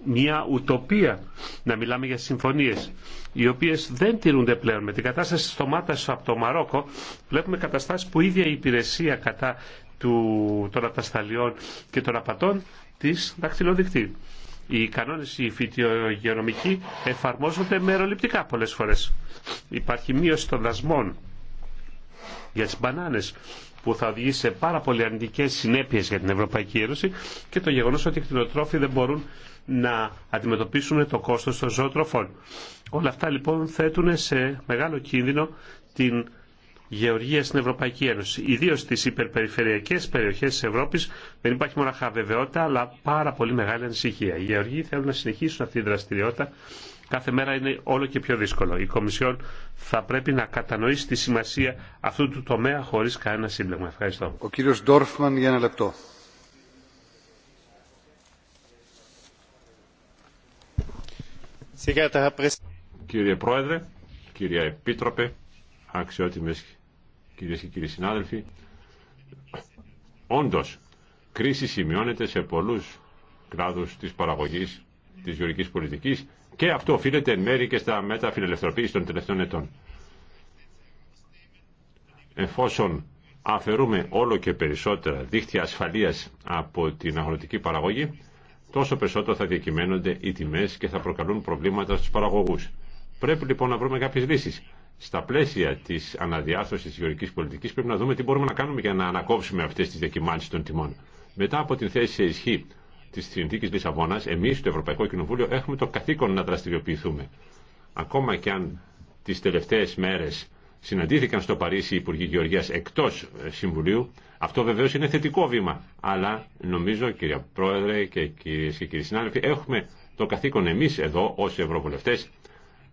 μια ουτοπία να μιλάμε για συμφωνίες οι οποίες δεν τηρούνται πλέον. Με την κατάσταση στο τομάτας από το Μαρόκο βλέπουμε καταστάσεις που ίδια η υπηρεσία κατά του, των ατασταλιών και των απατών της δακτυλοδεικτή οι κανόνες οι φυτιογειονομικοί εφαρμόζονται μεροληπτικά πολλές φορές. Υπάρχει μείωση των δασμών για τις μπανάνες που θα οδηγήσει σε πάρα πολύ αρνητικέ συνέπειες για την Ευρωπαϊκή Ένωση και το γεγονός ότι οι κτηνοτρόφοι δεν μπορούν να αντιμετωπίσουν το κόστος των ζωοτροφών. Όλα αυτά λοιπόν θέτουν σε μεγάλο κίνδυνο την γεωργία στην Ευρωπαϊκή Ένωση. Ιδίω στι υπερπεριφερειακέ περιοχέ τη Ευρώπη δεν υπάρχει μοναχά βεβαιότητα, αλλά πάρα πολύ μεγάλη ανησυχία. Οι γεωργοί θέλουν να συνεχίσουν αυτή τη δραστηριότητα. Κάθε μέρα είναι όλο και πιο δύσκολο. Η Κομισιόν θα πρέπει να κατανοήσει τη σημασία αυτού του τομέα χωρί κανένα σύμπλεγμα. Ευχαριστώ.
Ο κύριο Ντόρφμαν για ένα λεπτό. Κύριε Πρόεδρε, κύριε Επίτροπε, αξιότιμες Κυρίε και κύριοι συνάδελφοι. όντω κρίση σημειώνεται σε πολλού κλάδου τη παραγωγή τη γεωργική πολιτική και αυτό οφείλεται εν μέρη και στα μέτρα φιλελευθερωποίηση των τελευταίων ετών. Εφόσον αφαιρούμε όλο και περισσότερα δίχτυα ασφαλείας από την αγροτική παραγωγή, τόσο περισσότερο θα διακυμαίνονται οι τιμές και θα προκαλούν προβλήματα στους παραγωγούς. Πρέπει λοιπόν να βρούμε κάποιες λύσεις στα πλαίσια τη αναδιάρθρωση τη γεωργική πολιτική πρέπει να δούμε τι μπορούμε να κάνουμε για να ανακόψουμε αυτέ τι διακυμάνσει των τιμών. Μετά από την θέση σε ισχύ τη συνθήκη Λισαβόνα, εμεί στο Ευρωπαϊκό Κοινοβούλιο έχουμε το καθήκον να δραστηριοποιηθούμε. Ακόμα και αν τι τελευταίε μέρε συναντήθηκαν στο Παρίσι οι Υπουργοί Γεωργία εκτό ε, Συμβουλίου, αυτό βεβαίω είναι θετικό βήμα. Αλλά νομίζω, κυρία Πρόεδρε και κυρίε και κύριοι συνάδελφοι, έχουμε το καθήκον εμεί εδώ ω Ευρωβουλευτέ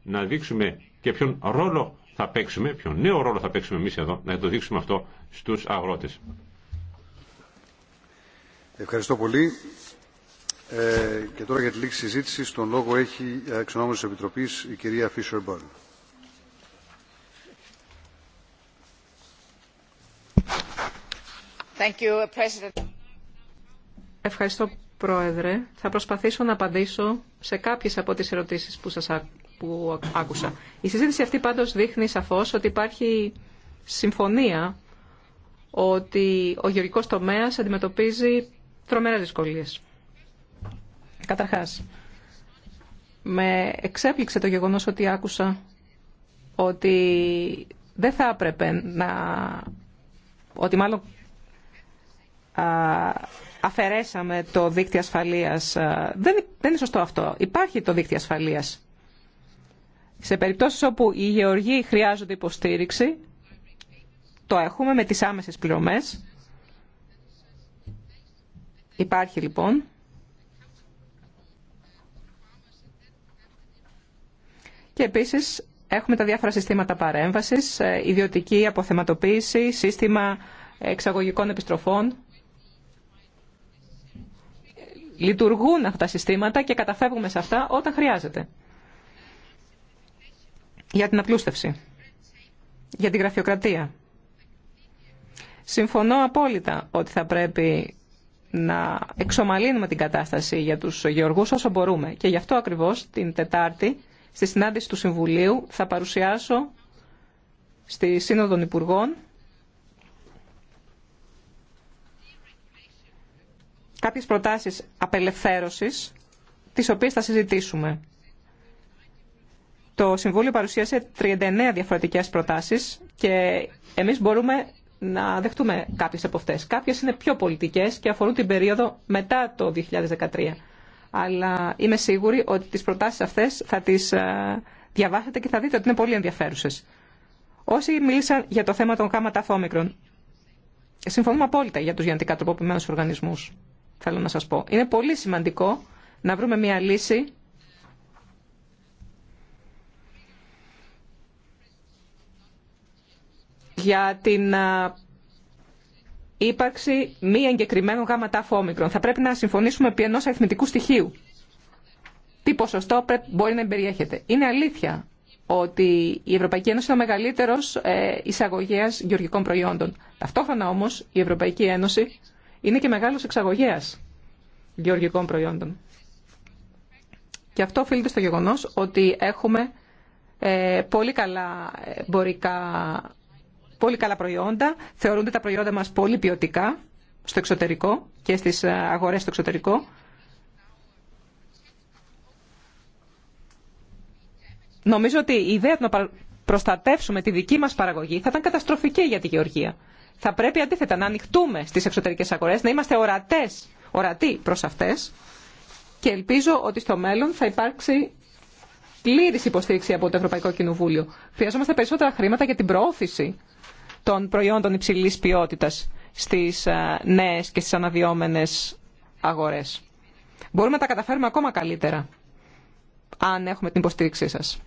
να δείξουμε και ποιον ρόλο θα παίξουμε, ποιον νέο ρόλο θα παίξουμε εμείς εδώ, να το δείξουμε αυτό στους αγρότες.
Ευχαριστώ πολύ. Ε, και τώρα για τη λήξη συζήτηση, τον λόγο έχει ε, εξ ονόματος της Επιτροπής η κυρία Φίσερ Μπόρν.
Ευχαριστώ, Πρόεδρε. Θα προσπαθήσω να απαντήσω σε κάποιες από τις ερωτήσεις που σας που άκουσα. Η συζήτηση αυτή πάντως δείχνει σαφώς ότι υπάρχει συμφωνία ότι ο γεωργικός τομέας αντιμετωπίζει τρομερές δυσκολίες. Καταρχάς, με εξέπληξε το γεγονός ότι άκουσα ότι δεν θα έπρεπε να... ότι μάλλον αφαιρέσαμε το δίκτυο ασφαλείας. Δεν, δεν είναι σωστό αυτό. Υπάρχει το δίκτυο ασφαλείας. Σε περιπτώσεις όπου οι γεωργοί χρειάζονται υποστήριξη, το έχουμε με τις άμεσες πληρωμές. Υπάρχει λοιπόν Και επίσης έχουμε τα διάφορα συστήματα παρέμβασης, ε, ιδιωτική αποθεματοποίηση, σύστημα εξαγωγικών επιστροφών. Λειτουργούν αυτά τα συστήματα και καταφεύγουμε σε αυτά όταν χρειάζεται για την απλούστευση, για την γραφειοκρατία. Συμφωνώ απόλυτα ότι θα πρέπει να εξομαλύνουμε την κατάσταση για τους γεωργούς όσο μπορούμε. Και γι' αυτό ακριβώς την Τετάρτη στη συνάντηση του Συμβουλίου θα παρουσιάσω στη Σύνοδο των Υπουργών κάποιες προτάσεις απελευθέρωσης τις οποίες θα συζητήσουμε. Το Συμβούλιο παρουσίασε 39 διαφορετικέ προτάσεις και εμείς μπορούμε να δεχτούμε κάποιες από αυτέ. Κάποιες είναι πιο πολιτικές και αφορούν την περίοδο μετά το 2013. Αλλά είμαι σίγουρη ότι τις προτάσεις αυτές θα τις ε, διαβάσετε και θα δείτε ότι είναι πολύ ενδιαφέρουσες. Όσοι μίλησαν για το θέμα των φόμικρων, συμφωνούμε απόλυτα για τους γενετικά τροποποιημένους οργανισμούς, θέλω να σα πω. Είναι πολύ σημαντικό να βρούμε μια λύση για την ε, ύπαρξη μη εγκεκριμένων γάμματα φόμικρων. Θα πρέπει να συμφωνήσουμε επί ενός αριθμητικού στοιχείου. Τι ποσοστό μπορεί να περιέχεται. Είναι αλήθεια ότι η Ευρωπαϊκή Ένωση είναι ο μεγαλύτερος ε, εισαγωγέας γεωργικών προϊόντων. Ταυτόχρονα όμως η Ευρωπαϊκή Ένωση είναι και μεγάλος εξαγωγέας γεωργικών προϊόντων. Και αυτό οφείλεται στο γεγονός ότι έχουμε ε, πολύ καλά εμπορικά πολύ καλά προϊόντα, θεωρούνται τα προϊόντα μας πολύ ποιοτικά στο εξωτερικό και στις ε, αγορές στο εξωτερικό. Νομίζω ότι η ιδέα του να προστατεύσουμε τη δική μας παραγωγή θα ήταν καταστροφική για τη Γεωργία. Θα πρέπει αντίθετα να ανοιχτούμε στις εξωτερικές αγορές, να είμαστε ορατές, ορατοί προς αυτές και ελπίζω ότι στο μέλλον θα υπάρξει πλήρης υποστήριξη από το Ευρωπαϊκό Κοινοβούλιο. Χρειαζόμαστε περισσότερα χρήματα για την προώθηση των προϊόντων υψηλής ποιότητας στις ε, νέες και στις αναδυόμενες αγορές. Μπορούμε να τα καταφέρουμε ακόμα καλύτερα, αν έχουμε την υποστήριξή σας.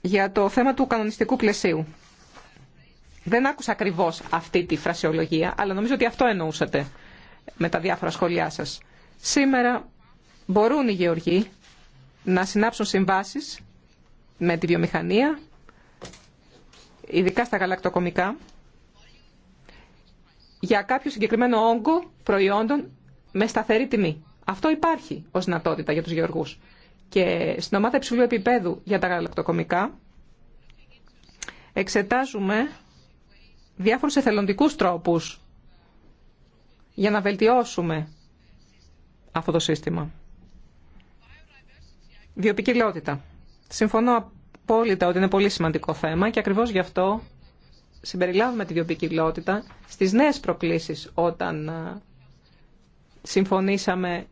Για το θέμα του κανονιστικού πλαισίου. Δεν άκουσα ακριβώς αυτή τη φρασιολογία, αλλά νομίζω ότι αυτό εννοούσατε με τα διάφορα σχόλιά σας. Σήμερα μπορούν οι γεωργοί να συνάψουν συμβάσεις με τη βιομηχανία ειδικά στα γαλακτοκομικά, για κάποιο συγκεκριμένο όγκο προϊόντων με σταθερή τιμή. Αυτό υπάρχει ως δυνατότητα για τους γεωργούς. Και στην ομάδα υψηλού επίπεδου για τα γαλακτοκομικά εξετάζουμε διάφορους εθελοντικούς τρόπους για να βελτιώσουμε αυτό το σύστημα. Βιοπικιλότητα. Συμφωνώ απόλυτα ότι είναι πολύ σημαντικό θέμα και ακριβώς γι' αυτό συμπεριλάβουμε τη βιοποικιλότητα στις νέες προκλήσεις όταν ε, συμφωνήσαμε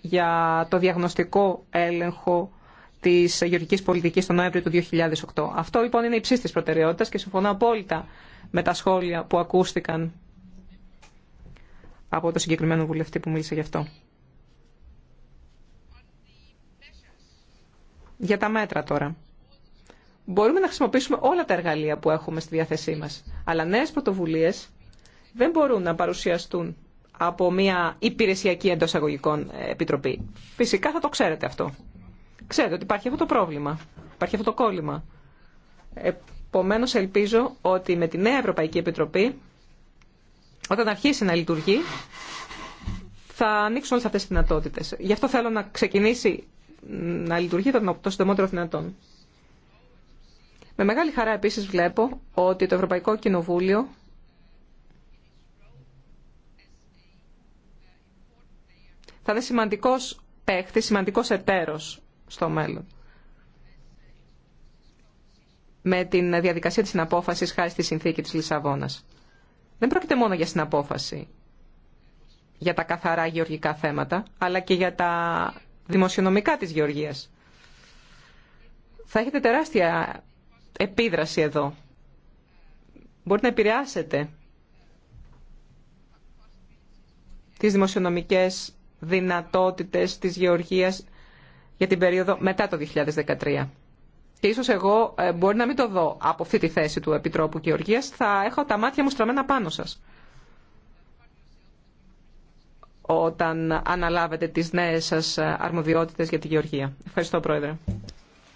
για το διαγνωστικό έλεγχο τη γεωργική πολιτική τον Νοέμβριο του 2008. Αυτό λοιπόν είναι υψή τη προτεραιότητα και συμφωνώ απόλυτα με τα σχόλια που ακούστηκαν από το συγκεκριμένο βουλευτή που μίλησε γι' αυτό. Για τα μέτρα τώρα. Μπορούμε να χρησιμοποιήσουμε όλα τα εργαλεία που έχουμε στη διάθεσή μας, αλλά νέες πρωτοβουλίες δεν μπορούν να παρουσιαστούν από μια υπηρεσιακή εντό αγωγικών ε, επιτροπή. Φυσικά θα το ξέρετε αυτό. Ξέρετε ότι υπάρχει αυτό το πρόβλημα, υπάρχει αυτό το κόλλημα. Επομένω, ελπίζω ότι με τη νέα Ευρωπαϊκή Επιτροπή, όταν αρχίσει να λειτουργεί, θα ανοίξουν όλε αυτέ τι δυνατότητε. Γι' αυτό θέλω να ξεκινήσει να λειτουργεί το, συντομότερο δυνατόν. Με μεγάλη χαρά επίσης βλέπω ότι το Ευρωπαϊκό Κοινοβούλιο θα είναι σημαντικός παίχτης, σημαντικός εταίρος στο μέλλον. Με την διαδικασία της συναπόφασης χάρη στη συνθήκη της Λισαβόνας. Δεν πρόκειται μόνο για συναπόφαση για τα καθαρά γεωργικά θέματα, αλλά και για τα δημοσιονομικά της γεωργίας. Θα έχετε τεράστια επίδραση εδώ. Μπορείτε να επηρεάσετε τις δημοσιονομικές δυνατότητες της γεωργίας για την περίοδο μετά το 2013. Και ίσως εγώ ε, μπορεί να μην το δω από αυτή τη θέση του Επιτρόπου Γεωργίας, θα έχω τα μάτια μου στραμμένα πάνω σας όταν αναλάβετε τις νέες σας αρμοδιότητες για τη Γεωργία. Ευχαριστώ, Πρόεδρε.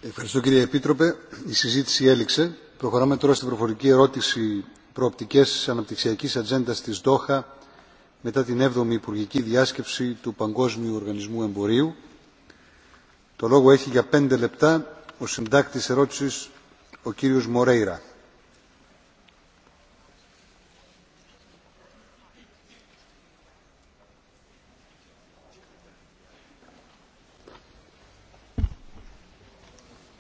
Ευχαριστώ, κύριε Επίτροπε. Η συζήτηση έληξε. Προχωράμε τώρα στην προφορική ερώτηση προοπτικές αναπτυξιακής ατζέντα της Δόχα μετά την 7η Υπουργική Διάσκεψη του Παγκόσμιου Οργανισμού Εμπορίου. Το λόγο έχει για πέντε λεπτά ο συντάκτης ερώτησης ο κύριος Μορέιρα.